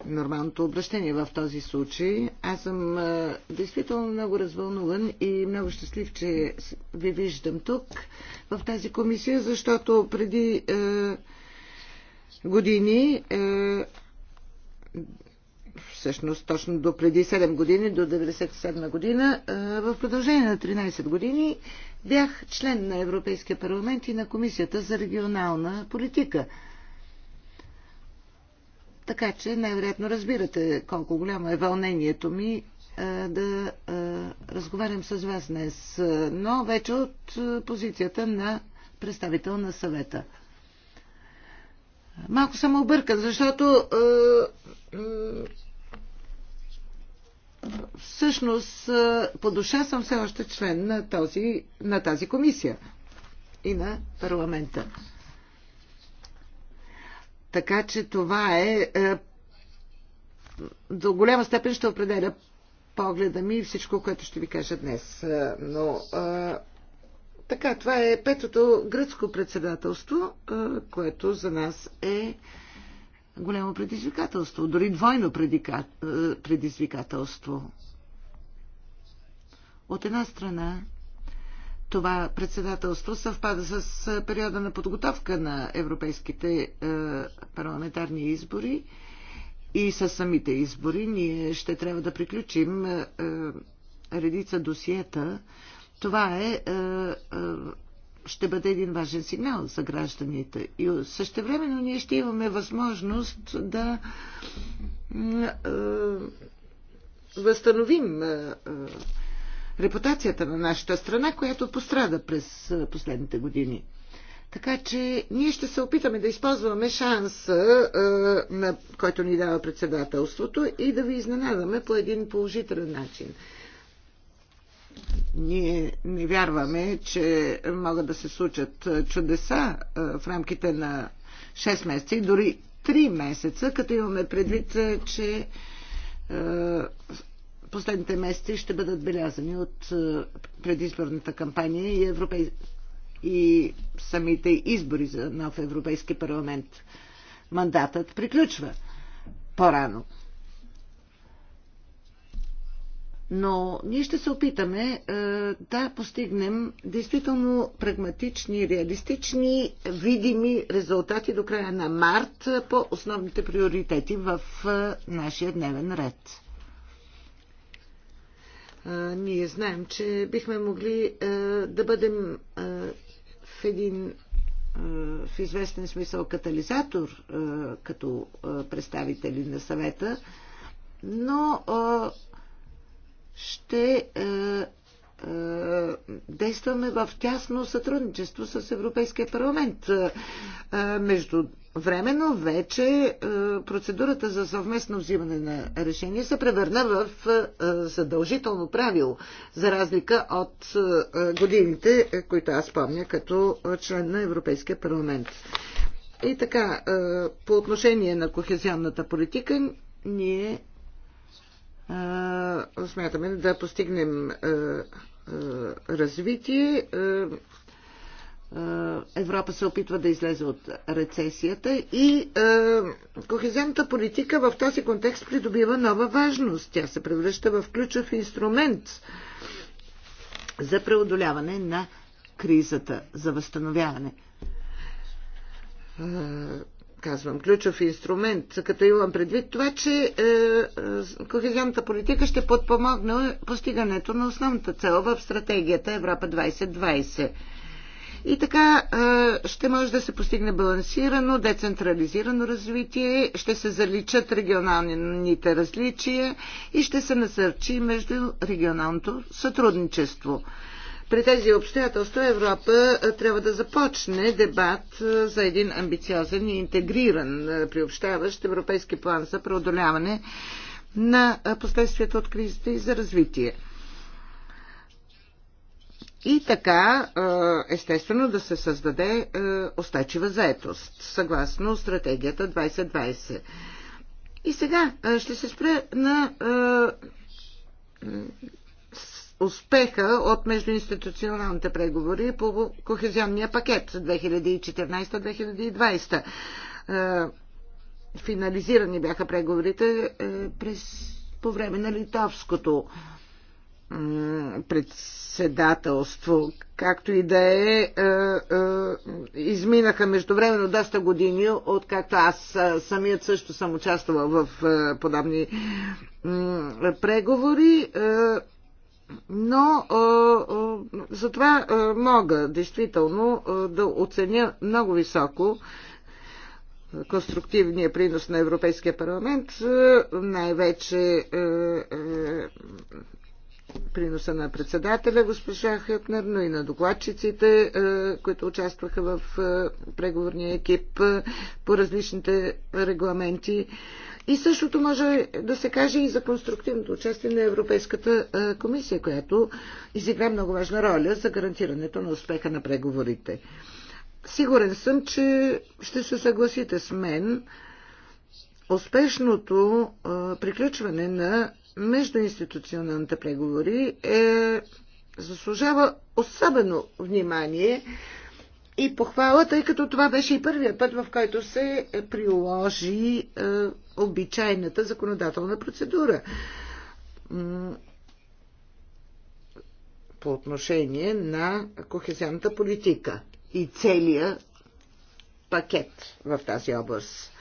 нормалното обращение в този случай. Аз съм действително много развълнуван и много щастлив, че ви виждам тук в тази комисия, защото преди години, е, всъщност точно до преди 7 години, до 97 година, е, в продължение на 13 години бях член на Европейския парламент и на Комисията за регионална политика. Така че най-вероятно разбирате колко голямо е вълнението ми е, да разговарям с вас днес, но вече от позицията на представител на съвета. Малко съм объркан, защото е, е, всъщност е, по душа съм все още член на, този, на тази комисия и на парламента. Така че това е, е до голяма степен ще определя погледа ми и всичко, което ще ви кажа днес. Е, но е, така, това е петото гръцко председателство, което за нас е голямо предизвикателство, дори двойно предизвикателство. От една страна, това председателство съвпада с периода на подготовка на европейските парламентарни избори и с самите избори. Ние ще трябва да приключим редица досиета, това е, е, е, ще бъде един важен сигнал за гражданите. И същевременно ние ще имаме възможност да е, възстановим репутацията на нашата страна, която пострада през последните години. Така че ние ще се опитаме да използваме шанса, който ни дава председателството и да ви изненадаме по един положителен начин ние не вярваме, че могат да се случат чудеса в рамките на 6 месеца и дори 3 месеца, като имаме предвид, че последните месеци ще бъдат белязани от предизборната кампания и, европей... и самите избори за нов Европейски парламент. Мандатът приключва по-рано. Но ние ще се опитаме е, да постигнем действително прагматични, реалистични, видими резултати до края на март по основните приоритети в е, нашия дневен ред. Е, ние знаем, че бихме могли е, да бъдем е, в един е, в известен смисъл катализатор е, като е, представители на съвета, но ще е, е, действаме в тясно сътрудничество с Европейския парламент. Е, е между времено вече е, процедурата за съвместно взимане на решение се превърна в е, е задължително правило, за разлика от е, е годините, които аз помня като член на Европейския парламент. И така, по отношение на кохезионната политика, ние смятаме да постигнем развитие. Европа се опитва да излезе от рецесията и кохезионната политика в този контекст придобива нова важност. Тя се превръща в ключов инструмент за преодоляване на кризата, за възстановяване казвам ключов инструмент, като имам предвид това, че е, е, кохезионната политика ще подпомогне постигането на основната цел в стратегията Европа 2020. И така е, ще може да се постигне балансирано, децентрализирано развитие, ще се заличат регионалните различия и ще се насърчи между регионалното сътрудничество. При тези обстоятелства Европа е, трябва да започне дебат е, за един амбициозен и интегриран е, приобщаващ европейски план за преодоляване на последствията от кризата и за развитие. И така, естествено, да се създаде устойчива заетост, съгласно стратегията 2020. И сега ще се спре на успеха от междуинституционалните преговори по кохезионния пакет 2014-2020. Е, финализирани бяха преговорите е, през, по време на литовското е, председателство, както и да е, е, е изминаха междувременно доста години, откакто аз самият също съм участвала в е, подобни е, преговори. Е, но а, а, затова а, мога действително а, да оценя много високо конструктивния принос на Европейския парламент, най-вече приноса на председателя госпожа Хъпнер, но и на докладчиците, които участваха в преговорния екип по различните регламенти. И същото може да се каже и за конструктивното участие на Европейската комисия, която изигра много важна роля за гарантирането на успеха на преговорите. Сигурен съм, че ще се съгласите с мен. Успешното приключване на междуинституционалните преговори е, заслужава особено внимание и похвала, тъй като това беше и първият път, в който се приложи е, обичайната законодателна процедура по отношение на кохезионната политика и целия пакет в тази област.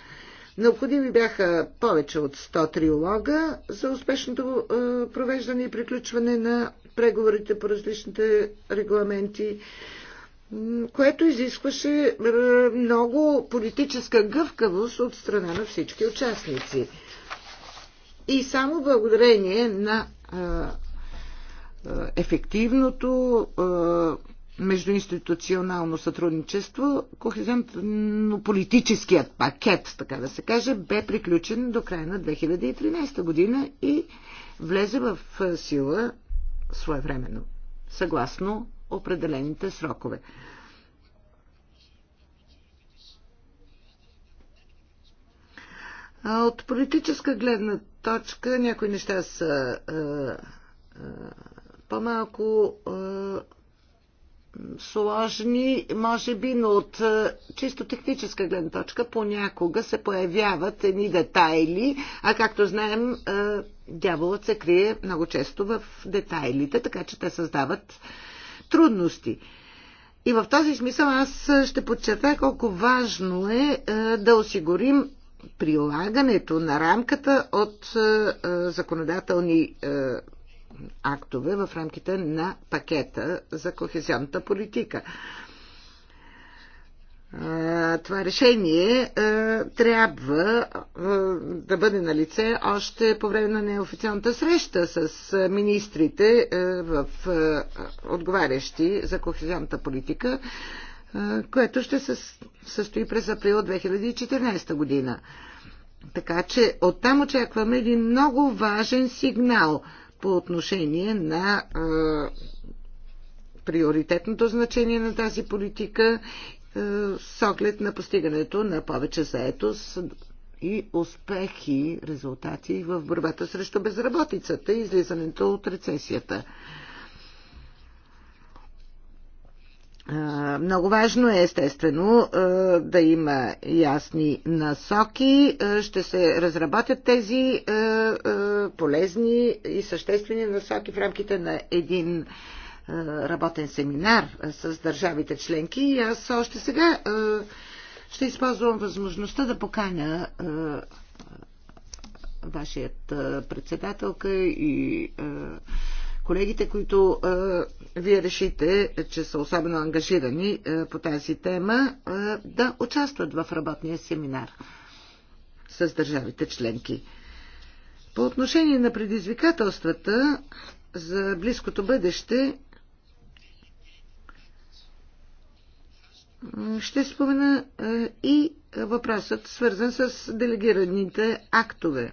Необходими бяха повече от 100 триолога за успешното е, провеждане и приключване на преговорите по различните регламенти което изискваше много политическа гъвкавост от страна на всички участници. И само благодарение на ефективното междуинституционално сътрудничество, кохезионно-политическият пакет, така да се каже, бе приключен до края на 2013 година и влезе в сила своевременно, съгласно определените срокове. От политическа гледна точка някои неща са по-малко сложни, може би, но от чисто техническа гледна точка понякога се появяват едни детайли, а както знаем, дяволът се крие много често в детайлите, така че те създават трудности. И в този смисъл аз ще подчертая колко важно е, е да осигурим прилагането на рамката от е, е, законодателни актове в рамките на пакета за кохезионната политика това решение трябва да бъде на лице още по време на неофициалната среща с министрите в отговарящи за кохезионната политика, което ще се състои през април 2014 година. Така че оттам очакваме един много важен сигнал по отношение на приоритетното значение на тази политика е, с оглед на постигането на повече заетост и успехи, резултати в борбата срещу безработицата и излизането от рецесията. Е, много важно е, естествено, е, да има ясни насоки. Ще се разработят тези полезни и съществени насоки в рамките на един работен семинар с държавите членки и аз още сега ще използвам възможността да поканя вашият председателка и колегите, които вие решите, че са особено ангажирани по тази тема, да участват в работния семинар с държавите членки. По отношение на предизвикателствата за близкото бъдеще, Ще спомена е, и въпросът, свързан с делегираните актове.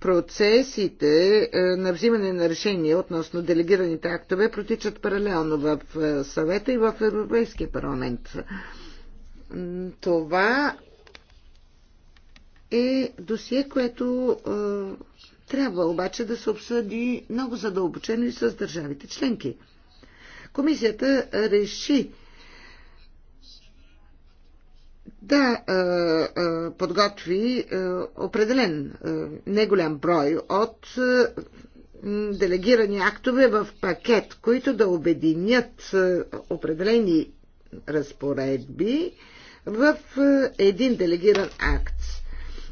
Процесите е, на взимане на решения относно делегираните актове протичат паралелно в е, съвета и в Европейския парламент. Това е досие, което трябва обаче да се обсъди много задълбочено и с държавите членки. Комисията реши да а, а, подготви а, определен а, неголям брой от а, делегирани актове в пакет, които да обединят а, определени разпоредби в а, един делегиран акт.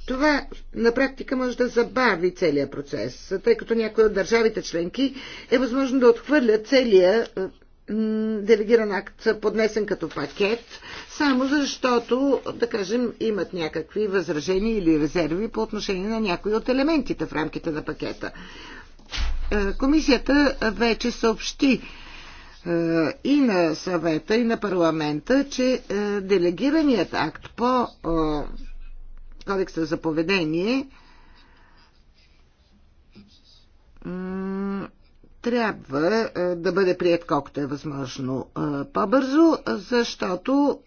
Това на практика може да забави целият процес, тъй като някои от държавите членки е възможно да отхвърлят целия делегиран акт, поднесен като пакет, само защото, да кажем, имат някакви възражения или резерви по отношение на някои от елементите в рамките на пакета. Е, комисията вече съобщи е, и на съвета, и на парламента, че е, делегираният акт по кодекса за поведение трябва е, да бъде прият колкото е възможно е, по-бързо, защото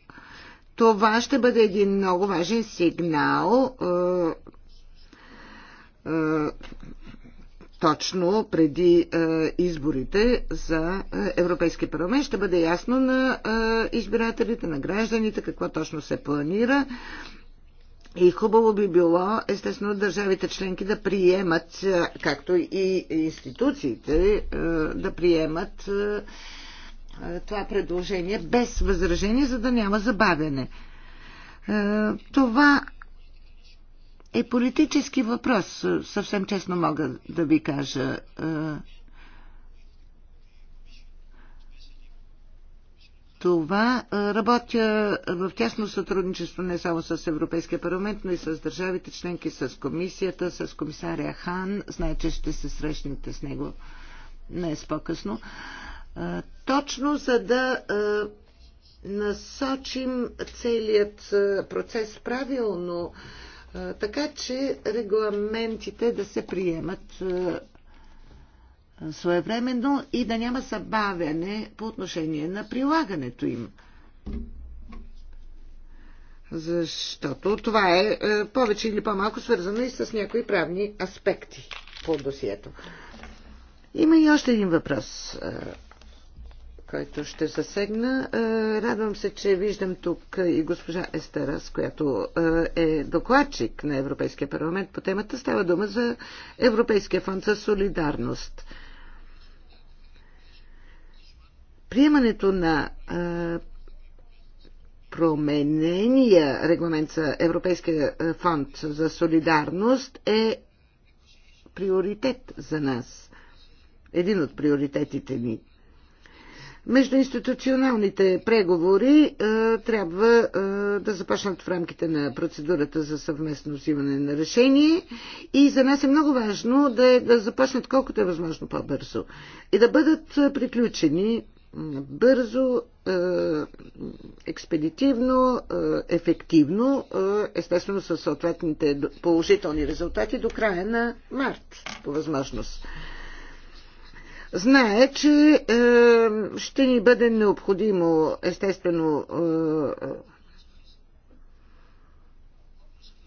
това ще бъде един много важен сигнал е, точно преди изборите за Европейски парламент. Ще бъде ясно на избирателите, на гражданите какво точно се планира и хубаво би било, естествено, държавите членки да приемат, е, както и институциите, е, да приемат е, това предложение без възражение, за да няма забавяне. Това е политически въпрос, съвсем честно мога да ви кажа. това работя в тясно сътрудничество не само с Европейския парламент, но и с държавите членки, с комисията, с комисаря Хан. Знаете, че ще се срещнете с него днес по-късно. Точно за да насочим целият процес правилно, така че регламентите да се приемат своевременно и да няма забавяне по отношение на прилагането им. Защото това е, е повече или по-малко свързано и с някои правни аспекти по досието. Има и още един въпрос, е, който ще засегна. Е, радвам се, че виждам тук и госпожа Естерас, която е докладчик на Европейския парламент по темата. Става дума за Европейския фонд за солидарност. Приемането на променения регламент за Европейския фонд за солидарност е приоритет за нас. Един от приоритетите ни. Между институционалните преговори а, е, трябва а, е, да започнат в рамките на процедурата за съвместно взимане на решение и за нас е много важно да, е, да започнат колкото е възможно по-бързо и да бъдат приключени бързо, е, експедитивно, е, ефективно, е, естествено с съответните положителни резултати до края на март, по възможност. Знае, че ще ни бъде необходимо, естествено,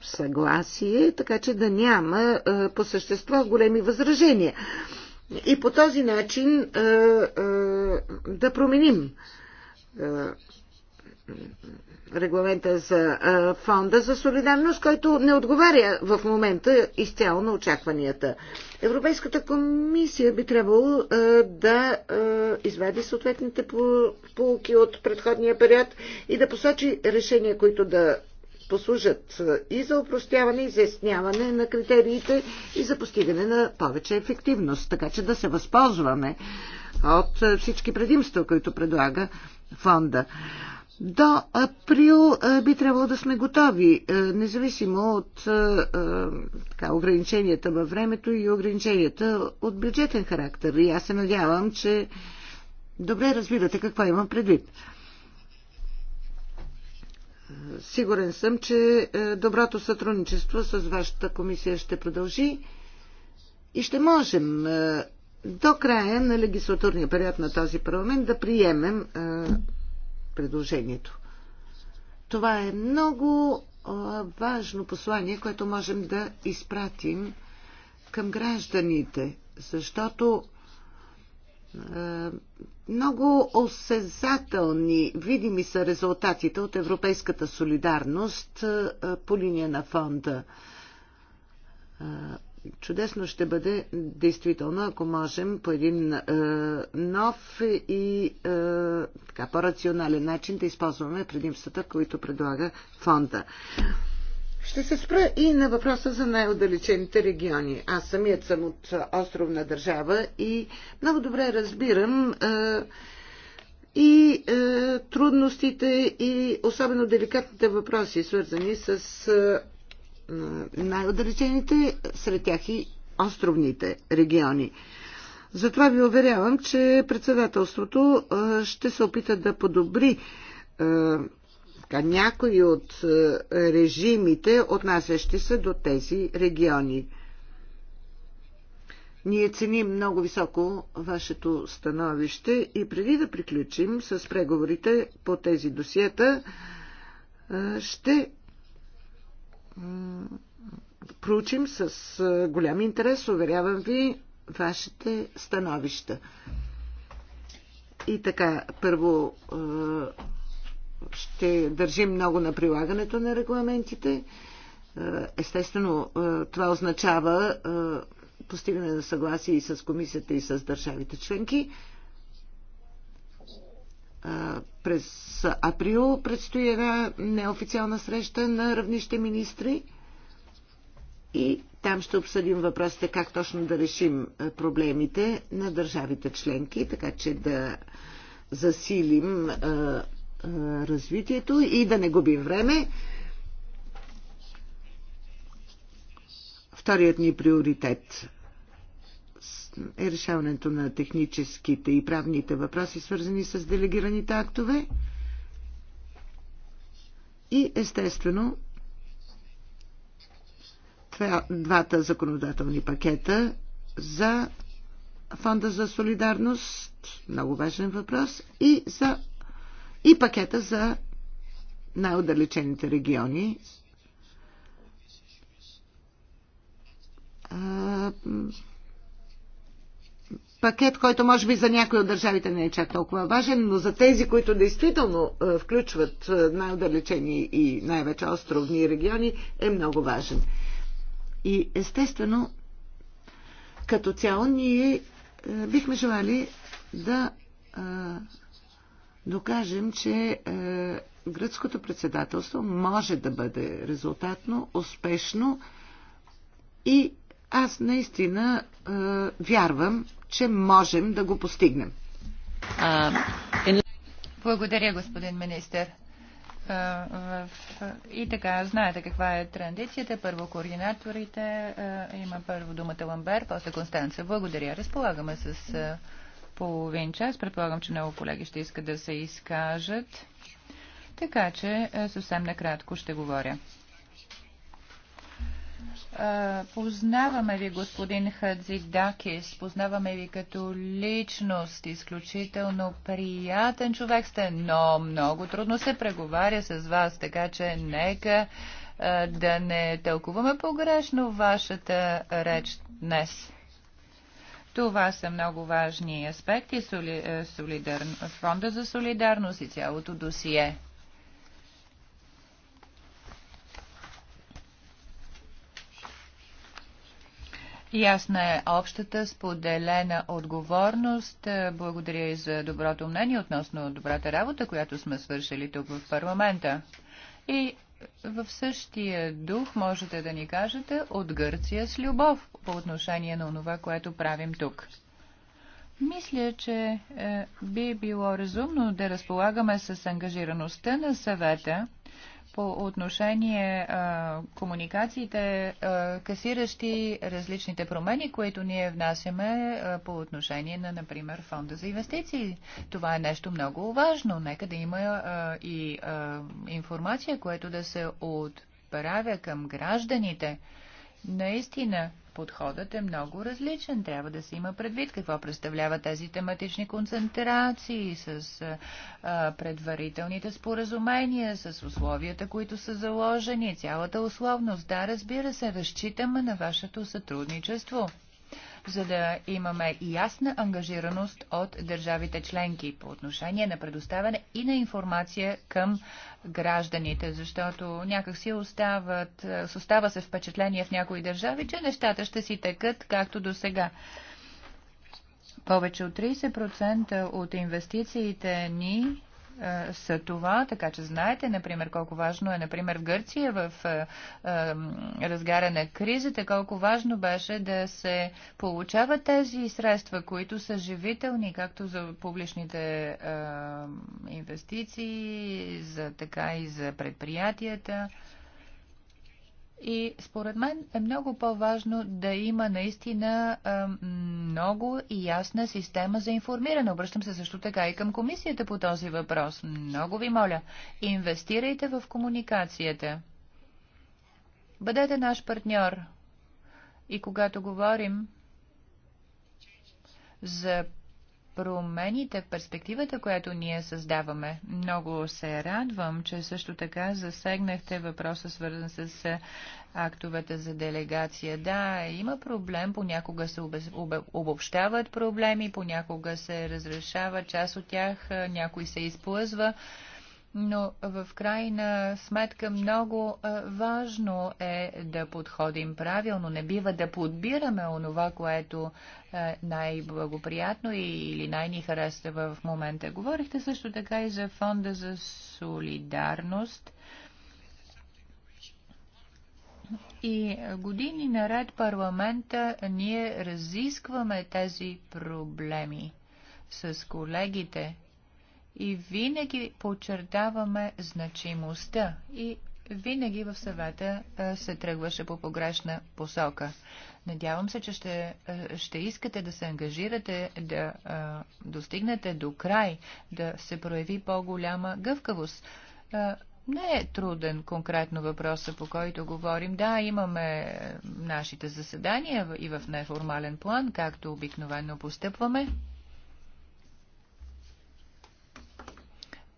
съгласие, така че да няма по същество големи възражения и по този начин да променим регламента за фонда за солидарност, който не отговаря в момента изцяло на очакванията. Европейската комисия би трябвало да извади съответните полуки от предходния период и да посочи решения, които да послужат и за упростяване, и за изясняване на критериите и за постигане на повече ефективност, така че да се възползваме от всички предимства, които предлага фонда. До април би трябвало да сме готови, независимо от така, ограниченията във времето и ограниченията от бюджетен характер. И аз се надявам, че добре разбирате какво имам предвид. Сигурен съм, че е, доброто сътрудничество с вашата комисия ще продължи и ще можем е, до края на легислатурния период на този парламент да приемем е, предложението. Това е много важно послание, което можем да изпратим към гражданите, защото е, много осезателни, видими са резултатите от европейската солидарност е, по линия на фонда. Е, чудесно ще бъде, действително, ако можем по един е, нов и е, така, по-рационален начин да използваме предимствата, които предлага фонда. Ще се спра и на въпроса за най-отдалечените региони. Аз самият съм от островна държава и много добре разбирам и трудностите и особено деликатните въпроси, свързани с най-отдалечените, сред тях и островните региони. Затова ви уверявам, че председателството ще се опита да подобри така, някои от е, режимите, отнасящи се до тези региони. Ние ценим много високо вашето становище и преди да приключим с преговорите по тези досиета, е, ще проучим с е, голям интерес, уверявам ви, вашите становища. И така, първо ще държим много на прилагането на регламентите. Е, естествено, е, това означава е, постигане на съгласие и с комисията, и с държавите членки. През април предстои една неофициална среща на равнище министри и там ще обсъдим въпросите как точно да решим проблемите на държавите членки, така че да засилим развитието и да не губи време. Вторият ни приоритет е решаването на техническите и правните въпроси, свързани с делегираните актове. И естествено, двата законодателни пакета за Фонда за солидарност, много важен въпрос, и за и пакета за най-отдалечените региони. Пакет, който може би за някои от държавите не е чак толкова важен, но за тези, които действително включват най-отдалечени и най-вече островни региони, е много важен. И естествено, като цяло, ние бихме желали да докажем, че е, гръцкото председателство може да бъде резултатно, успешно и аз наистина е, вярвам, че можем да го постигнем. Благодаря, господин министр. Е, и така, знаете каква е традицията. Първо координаторите, е, има първо думата Ламбер, после Констанция. Благодаря. Разполагаме с е, половин час. Предполагам, че много колеги ще искат да се изкажат. Така че е, съвсем накратко ще говоря. Е, познаваме ви, господин Хадзидакис, познаваме ви като личност, изключително приятен човек сте, но много трудно се преговаря с вас, така че нека е, да не тълкуваме погрешно вашата реч днес. Това са много важни аспекти соли, е, солидар, фонда за солидарност и цялото досие. Ясна е общата споделена отговорност. Е, благодаря и за доброто мнение относно добрата работа, която сме свършили тук в парламента. И в същия дух можете да ни кажете от Гърция с любов по отношение на това, което правим тук. Мисля, че е, би било разумно да разполагаме с ангажираността на съвета, по отношение а, комуникациите, а, касиращи различните промени, които ние внасяме а, по отношение на, например, фонда за инвестиции. Това е нещо много важно. Нека да има а, и а, информация, която да се отправя към гражданите. А, Наистина, подходът е много различен. Трябва да се има предвид какво представлява тези тематични концентрации с а, предварителните споразумения, с условията, които са заложени, цялата условност. Да, разбира се, разчитаме на вашето сътрудничество за да имаме ясна ангажираност от държавите членки по отношение на предоставяне и на информация към гражданите, защото някакси остават, остава се впечатление в някои държави, че нещата ще си текат както до сега. Повече от 30% от инвестициите ни е, са това, така че знаете, например, колко важно е, например, в Гърция в е, е, разгара на кризата, колко важно беше да се получават тези средства, които са живителни, както за публичните инвестиции, за така и за предприятията. И според мен е много по-важно да има наистина много и ясна система за информиране. Обръщам се също така и към комисията по този въпрос. Много ви моля, инвестирайте в комуникацията. Бъдете наш партньор. И когато говорим за промените в перспективата, която ние създаваме. Много се радвам, че също така засегнахте въпроса, свързан с актовете за делегация. Да, има проблем, понякога се обобщават проблеми, понякога се разрешава част от тях, някой се изплъзва но в крайна сметка много важно е да подходим правилно. Не бива да подбираме онова, което най-благоприятно или най-ни харесва в момента. Говорихте също така и за фонда за солидарност. И години наред парламента ние разискваме тези проблеми с колегите и винаги подчертаваме значимостта и винаги в съвета се тръгваше по погрешна посока. Надявам се, че ще, ще искате да се ангажирате, да а, достигнете до край, да се прояви по-голяма гъвкавост. А, не е труден конкретно въпроса, по който говорим. Да, имаме нашите заседания и в неформален план, както обикновено постъпваме.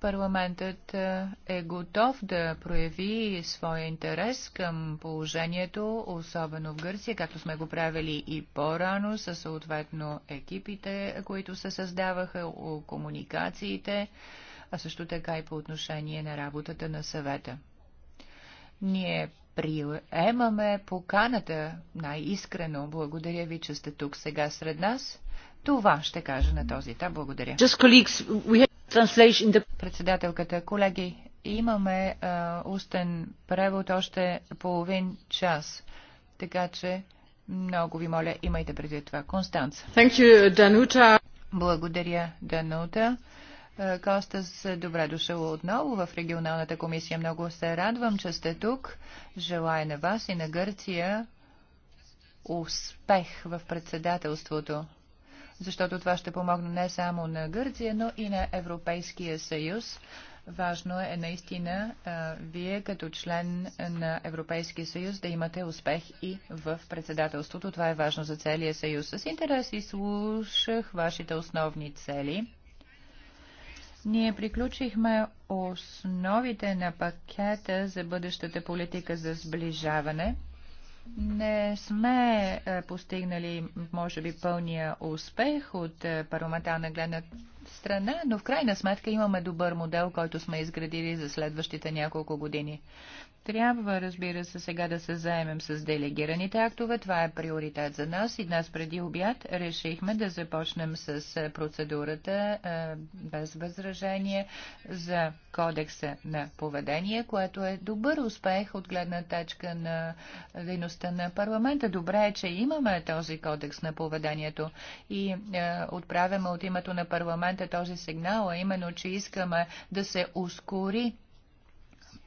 Парламентът е, е готов да прояви своя интерес към положението, особено в Гърция, както сме го правили и по-рано, със съответно екипите, които се създаваха, комуникациите, а също така и по отношение на работата на съвета. Ние приемаме поканата най-искрено. Благодаря ви, че сте тук сега сред нас. Това ще кажа на този етап. Благодаря. Председателката, колеги, имаме а, устен превод още половин час, така че много ви моля, имайте преди това. Констанца. Благодаря, Данута. Костас, добре дошъл отново в регионалната комисия. Много се радвам, че сте тук. Желая на вас и на Гърция успех в председателството защото това ще помогне не само на Гърция, но и на Европейския съюз. Важно е наистина вие като член на Европейския съюз да имате успех и в председателството. Това е важно за целия съюз. С интерес и слушах вашите основни цели. Ние приключихме основите на пакета за бъдещата политика за сближаване – не сме е, постигнали, може би, пълния успех от е, парламентарна гледна страна, но в крайна сметка имаме добър модел, който сме изградили за следващите няколко години. Трябва, разбира се, сега да се заемем с делегираните актове. Това е приоритет за нас и днес преди обяд решихме да започнем с процедурата без възражение за кодекса на поведение, което е добър успех от гледна точка на дейността на парламента. Добре е, че имаме този кодекс на поведението и отправяме от името на парламента този сигнал, а именно, че искаме да се ускори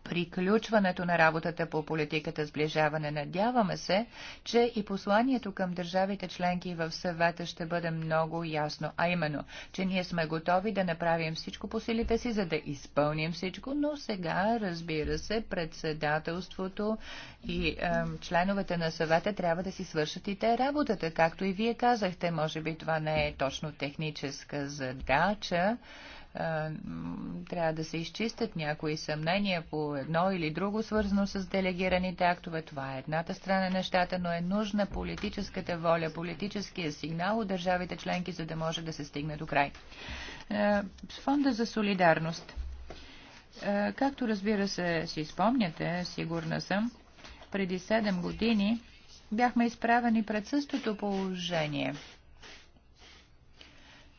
приключването на работата по политиката сближаване. Надяваме се, че и посланието към държавите членки в съвета ще бъде много ясно, а именно, че ние сме готови да направим всичко по силите си, за да изпълним всичко, но сега, разбира се, председателството и е, членовете на съвета трябва да си свършат и те работата, както и вие казахте, може би това не е точно техническа задача, трябва да се изчистят някои съмнения по едно или друго свързано с делегираните актове. Това е едната страна на нещата, но е нужна политическата воля, политическия сигнал от държавите членки, за да може да се стигне до край. Фонда за солидарност. Както разбира се си спомняте, сигурна съм, преди 7 години бяхме изправени пред същото положение.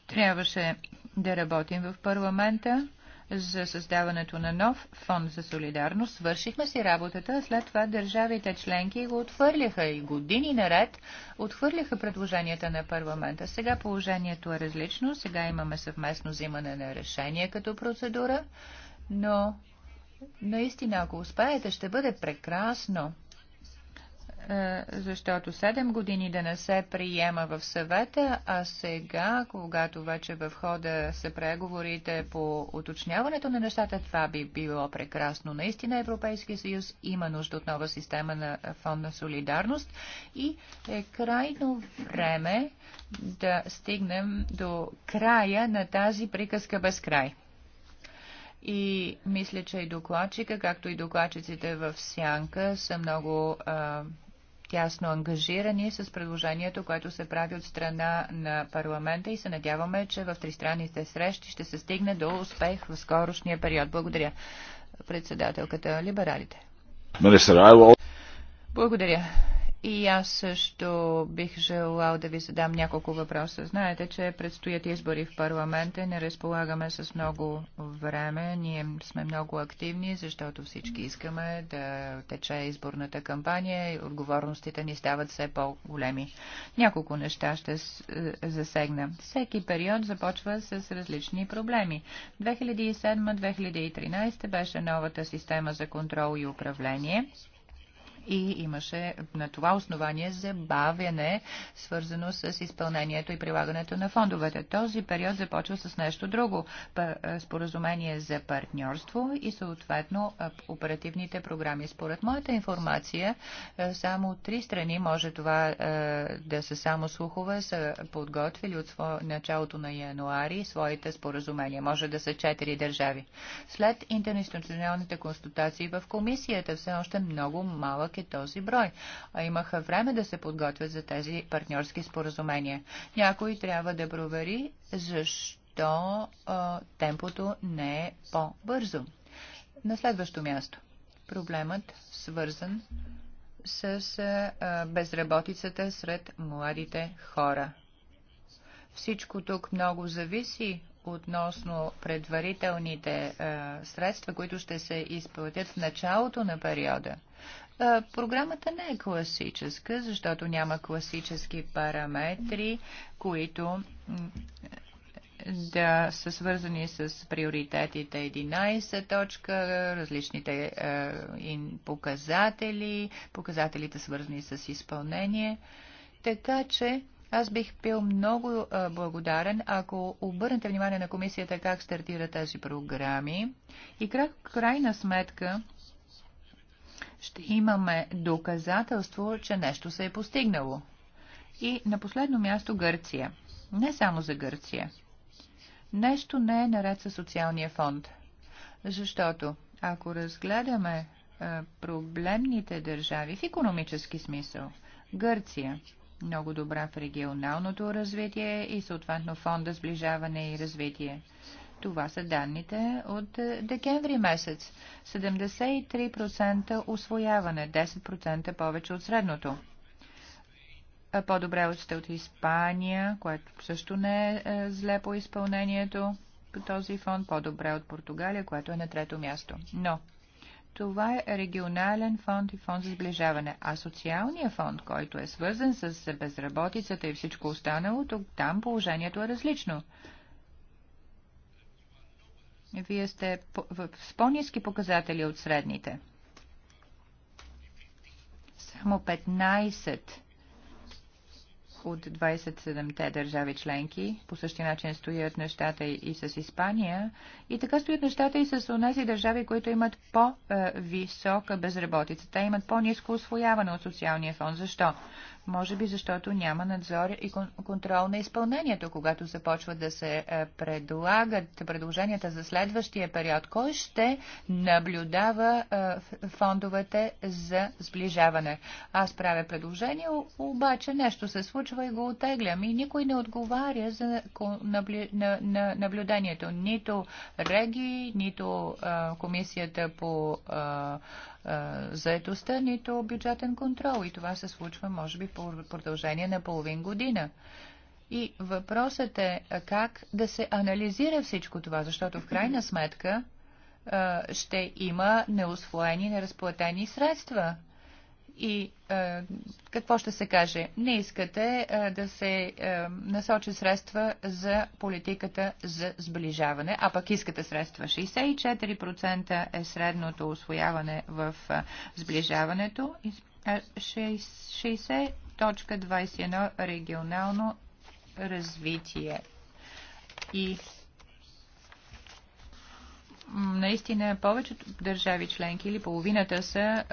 Трябваше да работим в парламента за създаването на нов фонд за солидарност. Свършихме си работата, а след това държавите членки го отхвърляха и години наред отхвърляха предложенията на парламента. Сега положението е различно, сега имаме съвместно взимане на решение като процедура, но наистина, ако успеете, ще бъде прекрасно. Е, защото 7 години да не се приема в съвета, а сега, когато вече в хода са преговорите по уточняването на нещата, това би било прекрасно. Наистина Европейския съюз има нужда от нова система на фонда солидарност и е крайно време да стигнем до края на тази приказка без край и мисля, че и докладчика, както и докладчиците в Сянка са много а, тясно ангажирани с предложението, което се прави от страна на парламента и се надяваме, че в тристранните срещи ще се стигне до успех в скорошния период. Благодаря. Председателката, либералите. Благодаря. И аз също бих желал да ви задам няколко въпроса. Знаете, че предстоят избори в парламента, не разполагаме с много време, ние сме много активни, защото всички искаме да тече изборната кампания и отговорностите ни стават все по-големи. Няколко неща ще е, засегна. Всеки период започва с различни проблеми. 2007-2013 беше новата система за контрол и управление и имаше на това основание забавяне, свързано с изпълнението и прилагането на фондовете. Този период започва с нещо друго. Е, споразумение за партньорство и съответно е, оперативните програми. Според моята информация, е, само три страни, може това да са само слухове, са подготвили от началото на януари своите споразумения. Може да са четири държави. След интернационалните консултации в комисията все още много малък пък е този брой, а имаха време да се подготвят за тези партньорски споразумения. Някой трябва да провери защо а, темпото не е по-бързо. На следващо място. Проблемът свързан с а, безработицата сред младите хора. Всичко тук много зависи относно предварителните а, средства, които ще се изплатят в началото на периода. Е, програмата не е класическа, защото няма класически параметри, които да са свързани с приоритетите 11 точка, различните е, показатели, показателите свързани с изпълнение. Така че аз бих бил много е, благодарен, ако обърнете внимание на комисията как стартира тези програми и крайна сметка ще имаме доказателство, че нещо се е постигнало. И на последно място Гърция. Не само за Гърция. Нещо не е наред със социалния фонд. Защото ако разгледаме е, проблемните държави в економически смисъл, Гърция, много добра в регионалното развитие и съответно фонда сближаване и развитие. Това са данните от е, декември месец. 73% освояване, 10% повече от средното. По-добре сте от Испания, което също не е, е зле по изпълнението по този фонд, по-добре от Португалия, което е на трето място. Но това е регионален фонд и фонд за сближаване. А социалния фонд, който е свързан с безработицата и всичко останало, тук там положението е различно. Вие сте с по-низки показатели от средните. Само 15 от 27-те държави членки. По същия начин стоят нещата и с Испания. И така стоят нещата и с тези държави, които имат по-висока е, безработица. Те имат по-низко освояване от социалния фонд. Защо? Може би защото няма надзор и контрол на изпълнението, когато започват да се е, предлагат предложенията за следващия период. Кой ще наблюдава е, фондовете за сближаване? Аз правя предложение, обаче нещо се случва и го отеглям. И никой не отговаря за наблюдението. Нито Реги, нито е, комисията по заедостта, нито бюджетен контрол. И това се случва, може би, по продължение на половин година. И въпросът е как да се анализира всичко това, защото в крайна сметка ще има неосвоени, неразплатени средства и е, какво ще се каже? Не искате е, да се е, насочи средства за политиката за сближаване, а пък искате средства. 64% е средното освояване в е, сближаването. 60.21 е, регионално развитие и наистина повечето държави членки или половината са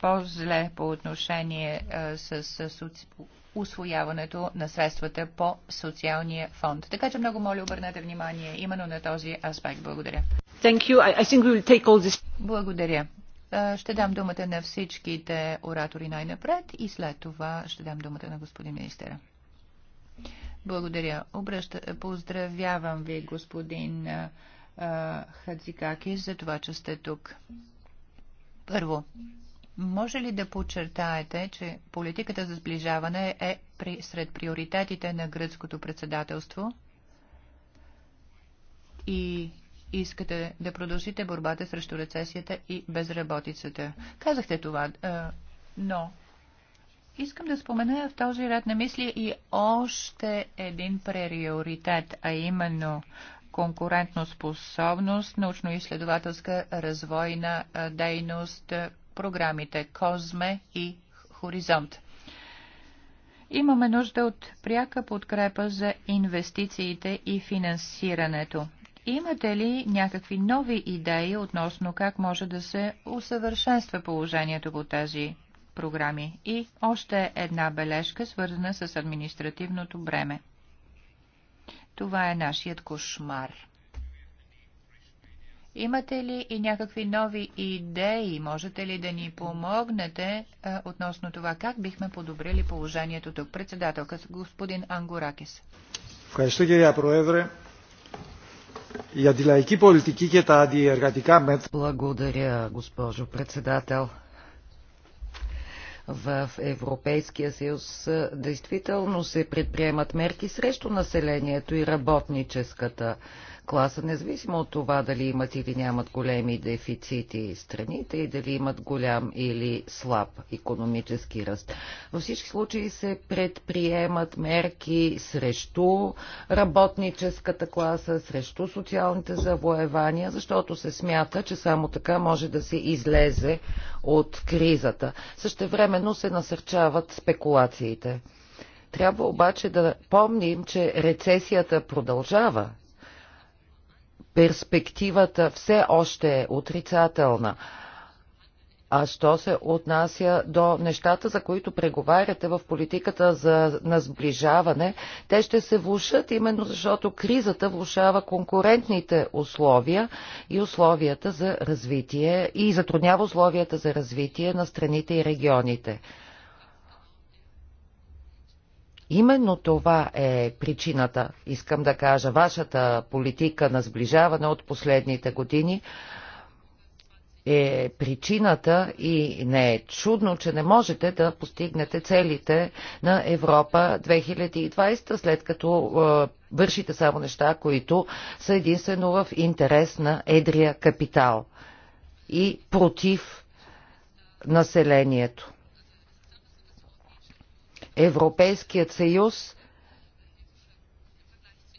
по-зле по отношение с, усвояването на средствата по социалния фонд. Така че много моля обърнете внимание именно на този аспект. Благодаря. Thank you. I, I think we will take all this... Благодаря. Ще дам думата на всичките оратори най-напред и след това ще дам думата на господин министера. Благодаря. Обръща, поздравявам ви, господин Хадзикаки за това, че сте тук. Първо, може ли да подчертаете, че политиката за сближаване е при, сред приоритетите на гръцкото председателство и искате да продължите борбата срещу рецесията и безработицата? Казахте това, но Искам да спомена в този ред на мисли и още един приоритет, а именно Конкурентноспособност, научно-изследователска развойна дейност, програмите Козме и Хоризонт. Имаме нужда от пряка подкрепа за инвестициите и финансирането. Имате ли някакви нови идеи относно как може да се усъвършенства положението по тези програми? И още една бележка, свързана с административното бреме. Това е нашият кошмар. Имате ли и някакви нови идеи? Можете ли да ни помогнете а, относно това как бихме подобрили положението тук? Председателка господин Ангоракис. Ευχαριστώ кирия проедре. Благодаря, госпожо председател в Европейския съюз действително се предприемат мерки срещу населението и работническата класа, независимо от това дали имат или нямат големи дефицити страните и дали имат голям или слаб економически ръст. Във всички случаи се предприемат мерки срещу работническата класа, срещу социалните завоевания, защото се смята, че само така може да се излезе от кризата. Същевременно се насърчават спекулациите. Трябва обаче да помним, че рецесията продължава перспективата все още е отрицателна. А що се отнася до нещата, за които преговаряте в политиката за, на сближаване, те ще се влушат именно защото кризата влушава конкурентните условия и условията за развитие и затруднява условията за развитие на страните и регионите. Именно това е причината, искам да кажа, вашата политика на сближаване от последните години е причината и не е чудно, че не можете да постигнете целите на Европа 2020, след като е, вършите само неща, които са единствено в интерес на едрия капитал и против населението. Европейският съюз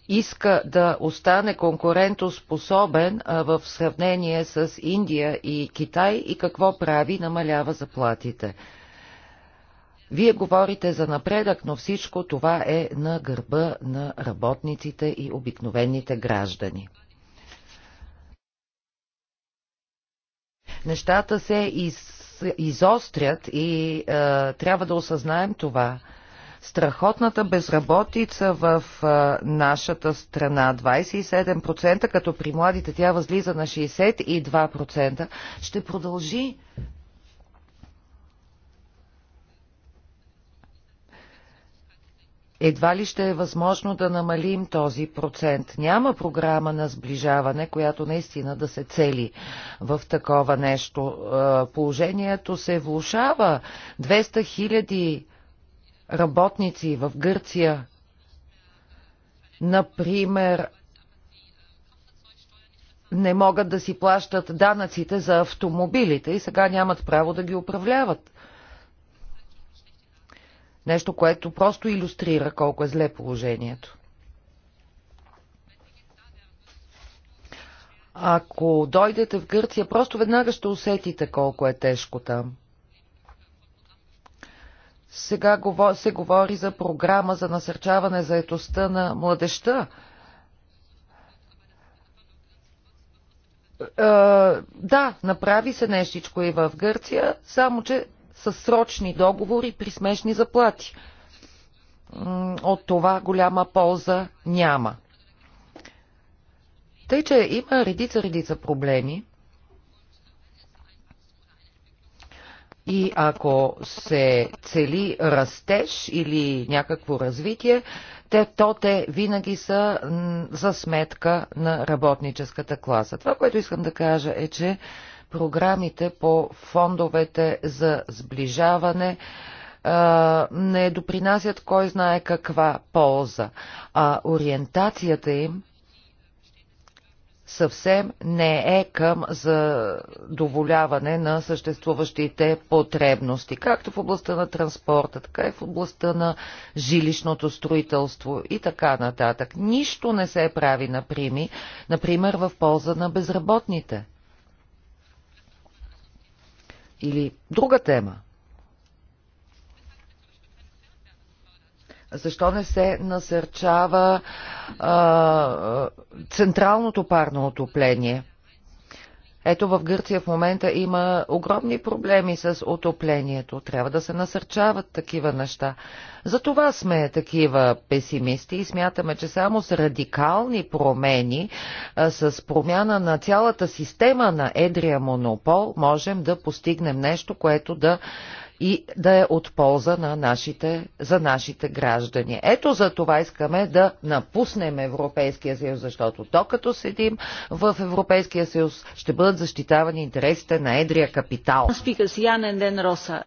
иска да остане конкурентоспособен в сравнение с Индия и Китай и какво прави, намалява заплатите. Вие говорите за напредък, но всичко това е на гърба на работниците и обикновените граждани. Нещата се из изострят и е, трябва да осъзнаем това. Страхотната безработица в е, нашата страна 27%, като при младите тя възлиза на 62%, ще продължи едва ли ще е възможно да намалим този процент. Няма програма на сближаване, която наистина да се цели в такова нещо. Е, положението се влушава. 200 хиляди работници в Гърция, например, не могат да си плащат данъците за автомобилите и сега нямат право да ги управляват. Нещо, което просто иллюстрира колко е зле положението. Ако дойдете в Гърция, просто веднага ще усетите колко е тежко там. Сега се говори за програма за насърчаване за етостта на младеща. Е, е, да, направи се нещичко и в Гърция, само че с срочни договори при смешни заплати. От това голяма полза няма. Тъй, че има редица-редица проблеми. И ако се цели растеж или някакво развитие, те, то те винаги са за сметка на работническата класа. Това, което искам да кажа е, че програмите по фондовете за сближаване не допринасят кой знае каква полза, а ориентацията им съвсем не е към задоволяване на съществуващите потребности, както в областта на транспорта, така и в областта на жилищното строителство и така нататък. Нищо не се прави, например, в полза на безработните или друга тема. Защо не се насърчава а, централното парно отопление? Ето в Гърция в момента има огромни проблеми с отоплението. Трябва да се насърчават такива неща. Затова сме такива песимисти и смятаме, че само с радикални промени, с промяна на цялата система на едрия монопол, можем да постигнем нещо, което да и да е от полза на нашите, за нашите граждани. Ето за това искаме да напуснем Европейския съюз, защото то като седим в Европейския съюз ще бъдат защитавани интересите на едрия капитал.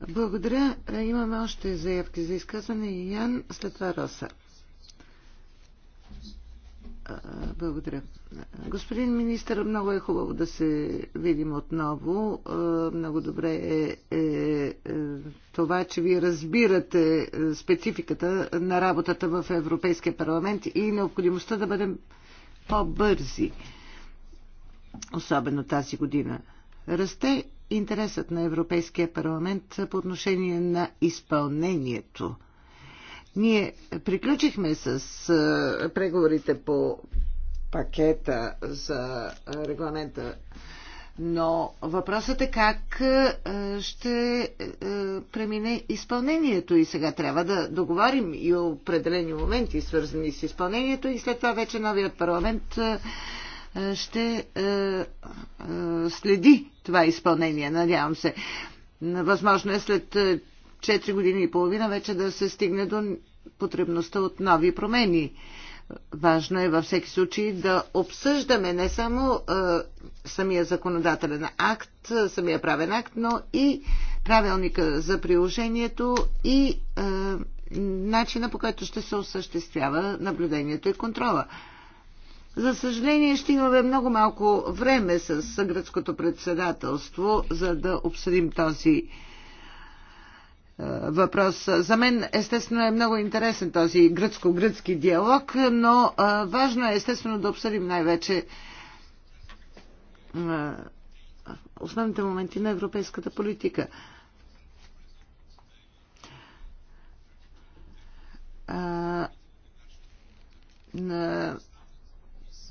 Благодаря. Имаме още заявки за изказване и Ян, след това Роса. Благодаря. Господин министр, много е хубаво да се видим отново. Много добре е, е, е това, че вие разбирате е, спецификата на работата в Европейския парламент и необходимостта да бъдем по-бързи, особено тази година. Расте интересът на Европейския парламент по отношение на изпълнението – ние приключихме с преговорите по пакета за регламента, но въпросът е как ще премине изпълнението и сега трябва да договорим и определени моменти, свързани с изпълнението и след това вече новият парламент ще следи това изпълнение, надявам се. Възможно е след 4 години и половина вече да се стигне до потребността от нови промени. Важно е във всеки случай да обсъждаме не само е, самия законодателен акт, самия правен акт, но и правилника за приложението и е, начина по който ще се осъществява наблюдението и контрола. За съжаление ще имаме много малко време с гръцкото председателство, за да обсъдим този въпрос. За мен естествено е много интересен този гръцко-гръцки диалог, но важно е естествено да обсъдим най-вече основните моменти на европейската политика.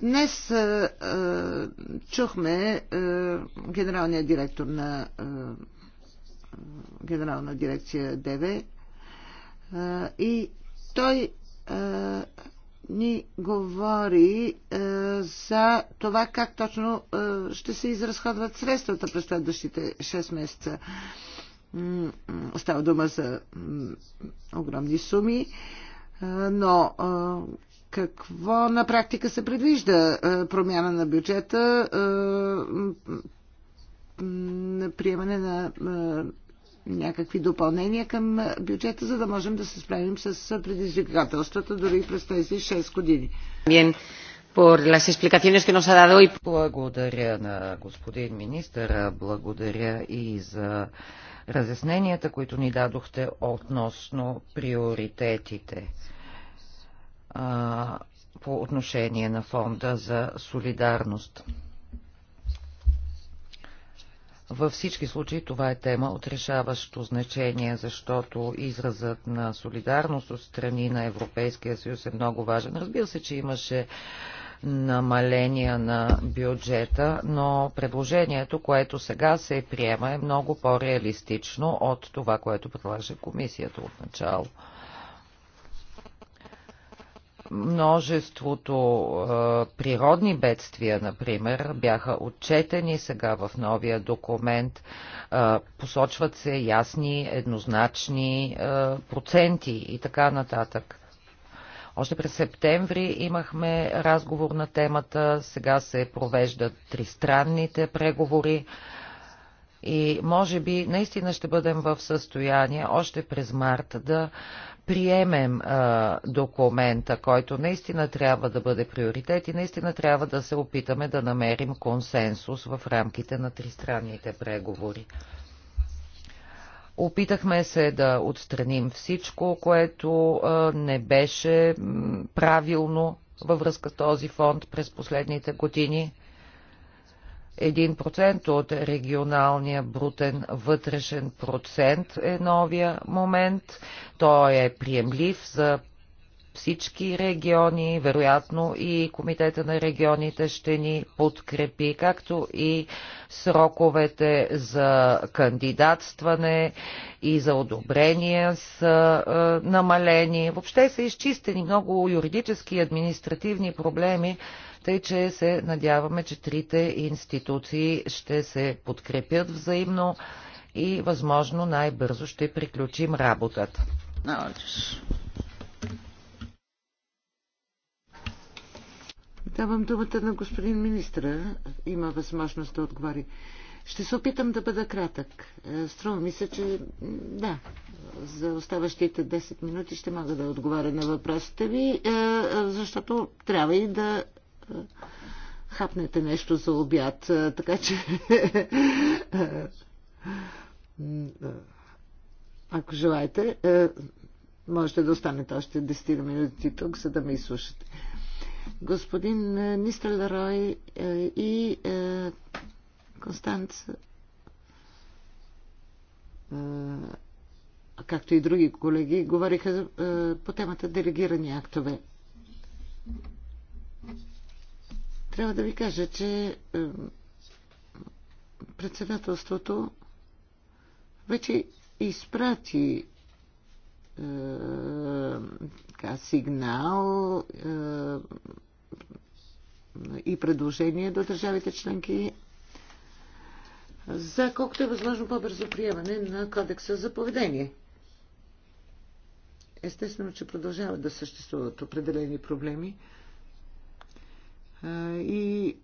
Днес чухме генералния директор на генерална дирекция ДВ. И той ни говори за това как точно ще се изразходват средствата през следващите 6 месеца. Става дума за огромни суми, но какво на практика се предвижда? Промяна на бюджета, приемане на някакви допълнения към бюджета, за да можем да се справим с предизвикателствата дори през тези 6 години. Благодаря на господин министър, благодаря и за разясненията, които ни дадохте относно приоритетите а, по отношение на фонда за солидарност. Във всички случаи това е тема от решаващо значение, защото изразът на солидарност от страни на Европейския съюз е много важен. Разбира се, че имаше намаления на бюджета, но предложението, което сега се приема, е много по-реалистично от това, което предлагаше комисията от начало. Множеството а, природни бедствия, например, бяха отчетени сега в новия документ. А, посочват се ясни, еднозначни а, проценти и така нататък. Още през септември имахме разговор на темата, сега се провеждат тристранните преговори и може би наистина ще бъдем в състояние още през март да приемем а, документа, който наистина трябва да бъде приоритет и наистина трябва да се опитаме да намерим консенсус в рамките на тристранните преговори. Опитахме се да отстраним всичко, което а, не беше правилно във връзка с този фонд през последните години. 1% от регионалния брутен вътрешен процент е новия момент. Той е приемлив за всички региони, вероятно и Комитета на регионите ще ни подкрепи, както и сроковете за кандидатстване и за одобрение са е, намалени. Въобще са изчистени много юридически и административни проблеми, тъй, че се надяваме, че трите институции ще се подкрепят взаимно и възможно най-бързо ще приключим работата. Давам думата на господин министра. Има възможност да отговори. Ще се опитам да бъда кратък. Е, струва ми се, че да, за оставащите 10 минути ще мога да отговаря на въпросите ви, е, е, защото трябва и да хапнете нещо за обяд. Така че ако желаете, можете да останете още 10 минути тук, за да ме изслушате. Господин Нистер Лерой и Констанц, както и други колеги, говориха по темата делегирани актове. Трябва да ви кажа, че е, председателството вече изпрати е, сигнал е, и предложение до държавите членки за колкото е възможно по-бързо приемане на кодекса за поведение. Естествено, че продължават да съществуват определени проблеми и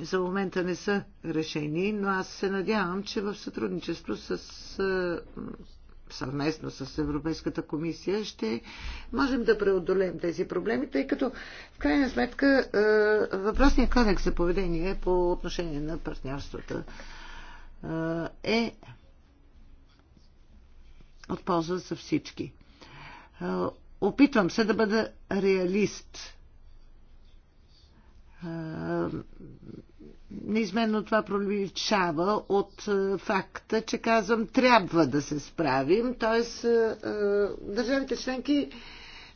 за момента не са решени, но аз се надявам, че в сътрудничество с съвместно с Европейската комисия ще можем да преодолеем тези проблеми, тъй като в крайна сметка въпросният кодекс за поведение по отношение на партньорствата е от полза за всички. Опитвам се да бъда реалист неизменно това проличава от факта, че казвам трябва да се справим, т.е. държавите членки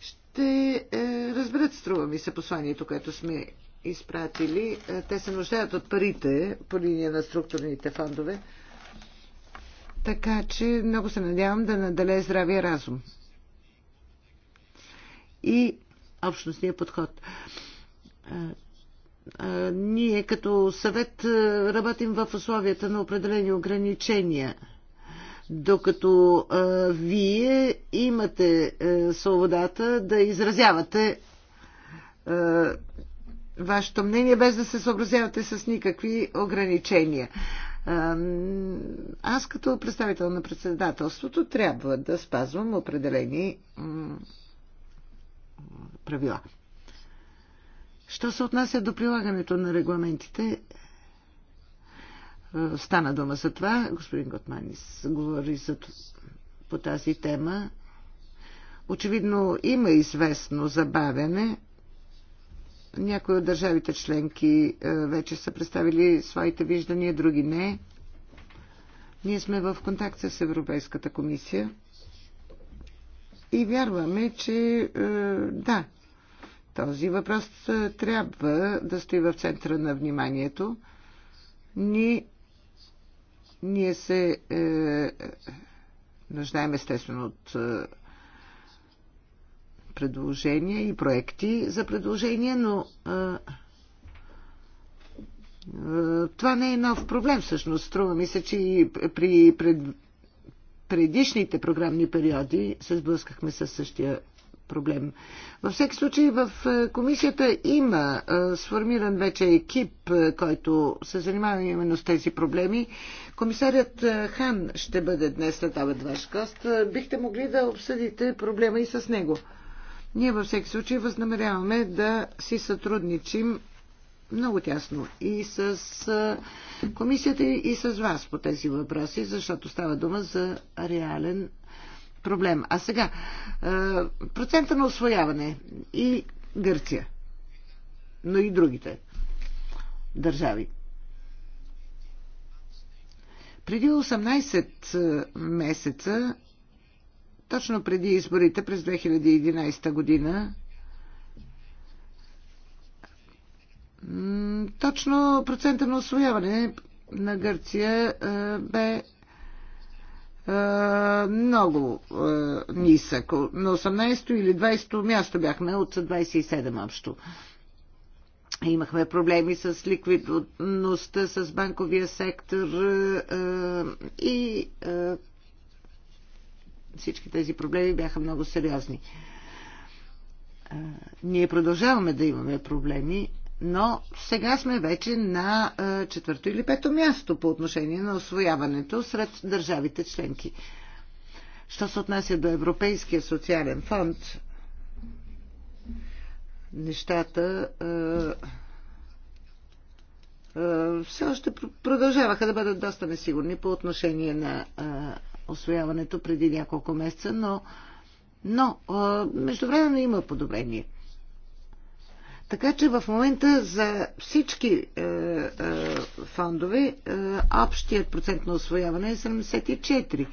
ще е, разберат, струва ми се, посланието, което сме изпратили. Е, те се нуждаят от парите по линия на структурните фондове. Така че много се надявам да надалее здравия разум. И общностния подход. Е, ние като съвет работим в условията на определени ограничения, докато вие имате свободата да изразявате вашето мнение, без да се съобразявате с никакви ограничения. Аз като представител на председателството трябва да спазвам определени правила. Що се отнася до прилагането на регламентите, е, стана дума за това. Господин Готманис говори за, по тази тема. Очевидно има известно забавяне. Някои от държавите членки е, вече са представили своите виждания, други не. Ние сме в контакт с Европейската комисия и вярваме, че е, да, този въпрос трябва да стои в центъра на вниманието. Ние, ние се е, нуждаем естествено от е, предложения и проекти за предложения, но е, е, това не е нов проблем всъщност. Струва ми се, че и при пред, предишните програмни периоди се сблъскахме със същия проблем. Във всеки случай в е, комисията има е, сформиран вече екип, е, който се занимава именно с тези проблеми. Комисарят Хан ще бъде днес след обед ваш гост. Бихте могли да обсъдите проблема и с него. Ние във всеки случай възнамеряваме да си сътрудничим много тясно и с комисията и с вас по тези въпроси, защото става дума за реален проблем. А сега, е, процента на освояване и Гърция, но и другите държави. Преди 18 е, месеца, точно преди изборите през 2011 година, точно процента на освояване на Гърция е, бе е, много е, нисък. На 18-то или 20-то място бяхме от 27 общо. Имахме проблеми с ликвидността, с банковия сектор е, и всички тези проблеми бяха много сериозни. Ние продължаваме да имаме проблеми но сега сме вече на четвърто или пето място по отношение на освояването сред държавите членки. Що се отнася до Европейския социален фонд, нещата все още продължаваха да бъдат доста несигурни по отношение на освояването преди няколко месеца, но, но е, междувременно има подобрение. Така че в момента за всички е, е, фондове е, общият процент на освояване е 74,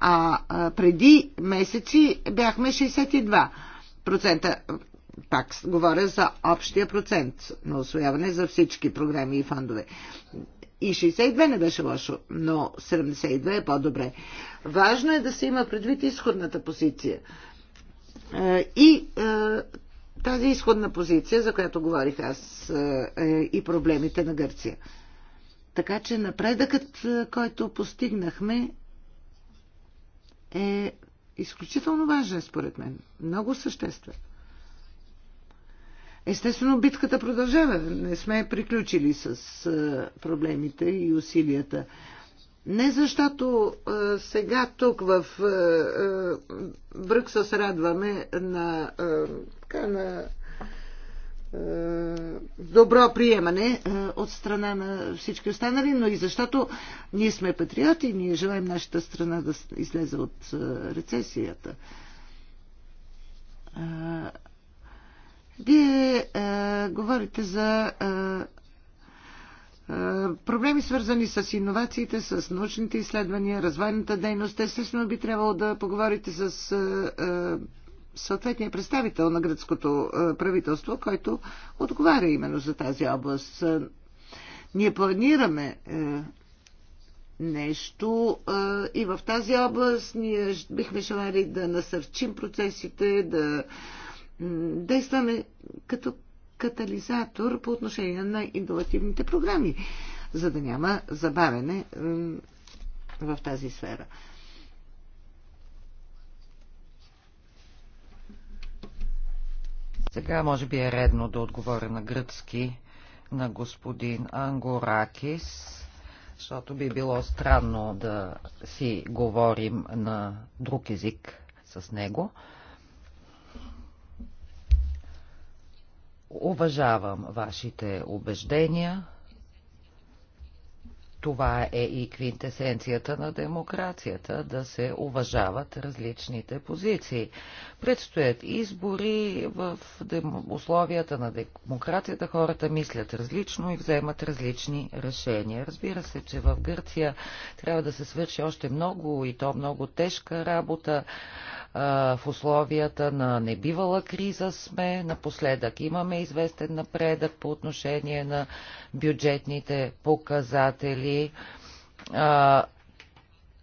а е, преди месеци бяхме 62 процента. Пак говоря за общия процент на освояване за всички програми и фондове. И 62 не беше лошо, но 72 е по-добре. Важно е да се има предвид изходната позиция. Е, и е, тази изходна позиция, за която говорих аз е, е и проблемите на Гърция. Така че напредъкът, е, който постигнахме, е изключително важен, според мен. Много съществен. Естествено, битката продължава. Не сме приключили с проблемите и усилията. Не защото а, сега тук в е, е, Брюксел се радваме на, а, на а, добро приемане от страна на всички останали, но и защото ние сме патриоти, ние желаем нашата страна да излезе от рецесията. Вие говорите за Проблеми свързани с иновациите, с научните изследвания, развойната дейност, естествено би трябвало да поговорите с съответния представител на гръцкото правителство, който отговаря именно за тази област. Ние планираме нещо и в тази област ние бихме желали да насърчим процесите, да действаме като катализатор по отношение на иновативните програми, за да няма забавене в тази сфера. Сега може би е редно да отговоря на гръцки на господин Ангоракис, защото би било странно да си говорим на друг език с него. Уважавам вашите убеждения. Това е и квинтесенцията на демокрацията, да се уважават различните позиции. Предстоят избори в условията на демокрацията, хората мислят различно и вземат различни решения. Разбира се, че в Гърция трябва да се свърши още много и то много тежка работа в условията на небивала криза сме. Напоследък имаме известен напредък по отношение на бюджетните показатели.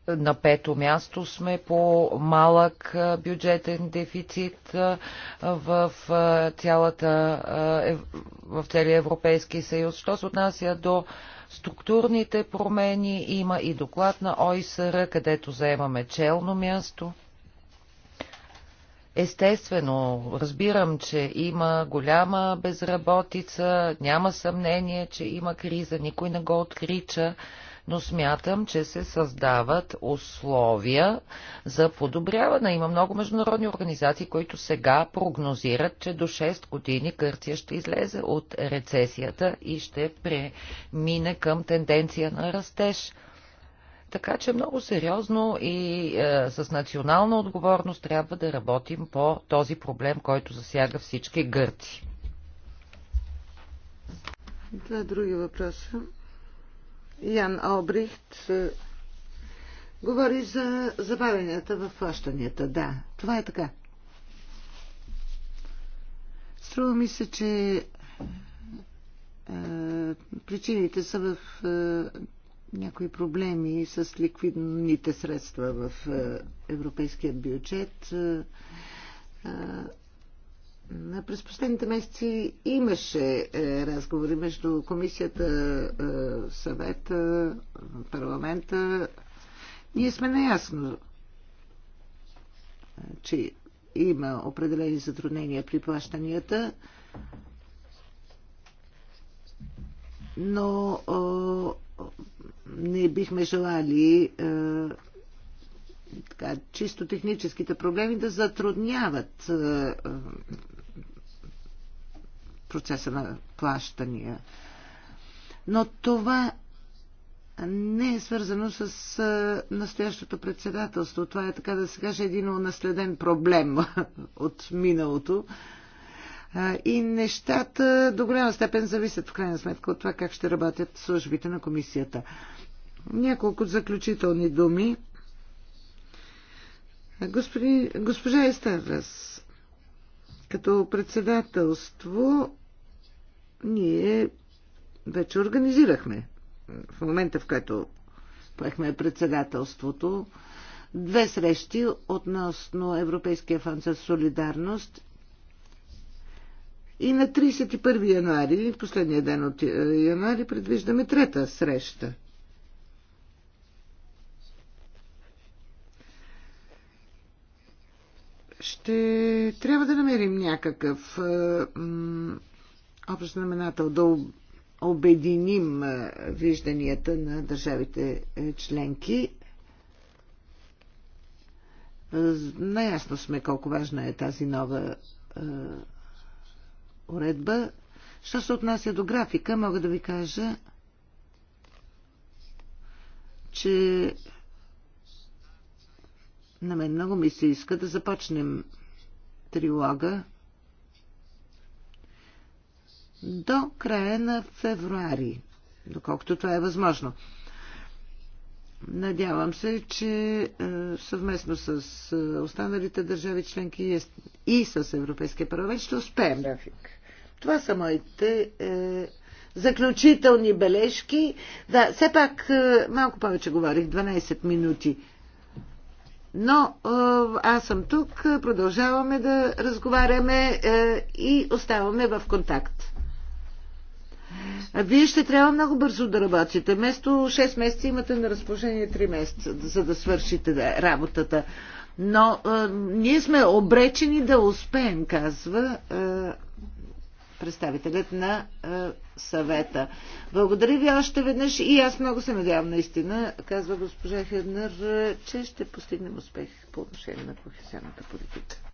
На пето място сме по малък бюджетен дефицит в, цялата, в целия Европейски съюз. Що се отнася до структурните промени, има и доклад на ОИСР, където заемаме челно място. Естествено, разбирам, че има голяма безработица, няма съмнение, че има криза, никой не го открича, но смятам, че се създават условия за подобряване. Има много международни организации, които сега прогнозират, че до 6 години Гърция ще излезе от рецесията и ще премине към тенденция на растеж. Така че много сериозно и е, с национална отговорност трябва да работим по този проблем, който засяга всички гърци. Това е други въпроса. Ян Обрихт. Е, говори за забавенията в плащанията. Да, това е така. Струва ми се, че е, причините са в е, някои проблеми с ликвидните средства в е, европейския бюджет. Е, е, през последните месеци имаше разговори между комисията, съвета, парламента. Ние сме наясно, че има определени затруднения при плащанията, но не бихме желали е, така, чисто техническите проблеми да затрудняват е, е, процеса на плащания. Но това не е свързано с настоящото председателство. Това е, така да се каже, един унаследен проблем от миналото. И нещата до голяма степен зависят в крайна сметка от това как ще работят службите на комисията. Няколко заключителни думи. Господи, госпожа Естерас, като председателство ние вече организирахме в момента, в който поехме председателството, две срещи относно Европейския фонд за солидарност и на 31 януари, последния ден от е, януари, предвиждаме трета среща. Ще трябва да намерим някакъв е, общ знаменател, да обединим е, вижданията на държавите членки. Наясно сме колко важна е тази нова уредба. Що се отнася до графика, мога да ви кажа, че на мен много ми се иска да започнем трилога до края на февруари, доколкото това е възможно. Надявам се, че е, съвместно с е, останалите държави членки и с Европейския парламент ще успеем. График. Това са моите е, заключителни бележки. Да, все пак е, малко повече говорих, 12 минути. Но е, аз съм тук, продължаваме да разговаряме е, и оставаме в контакт. Вие ще трябва много бързо да работите. Место 6 месеца имате на разположение 3 месеца, за да свършите работата. Но е, ние сме обречени да успеем, казва е, представителят на е, съвета. Благодаря ви още веднъж и аз много се надявам наистина, казва госпожа Хеднър, е, че ще постигнем успех по отношение на професионалната политика.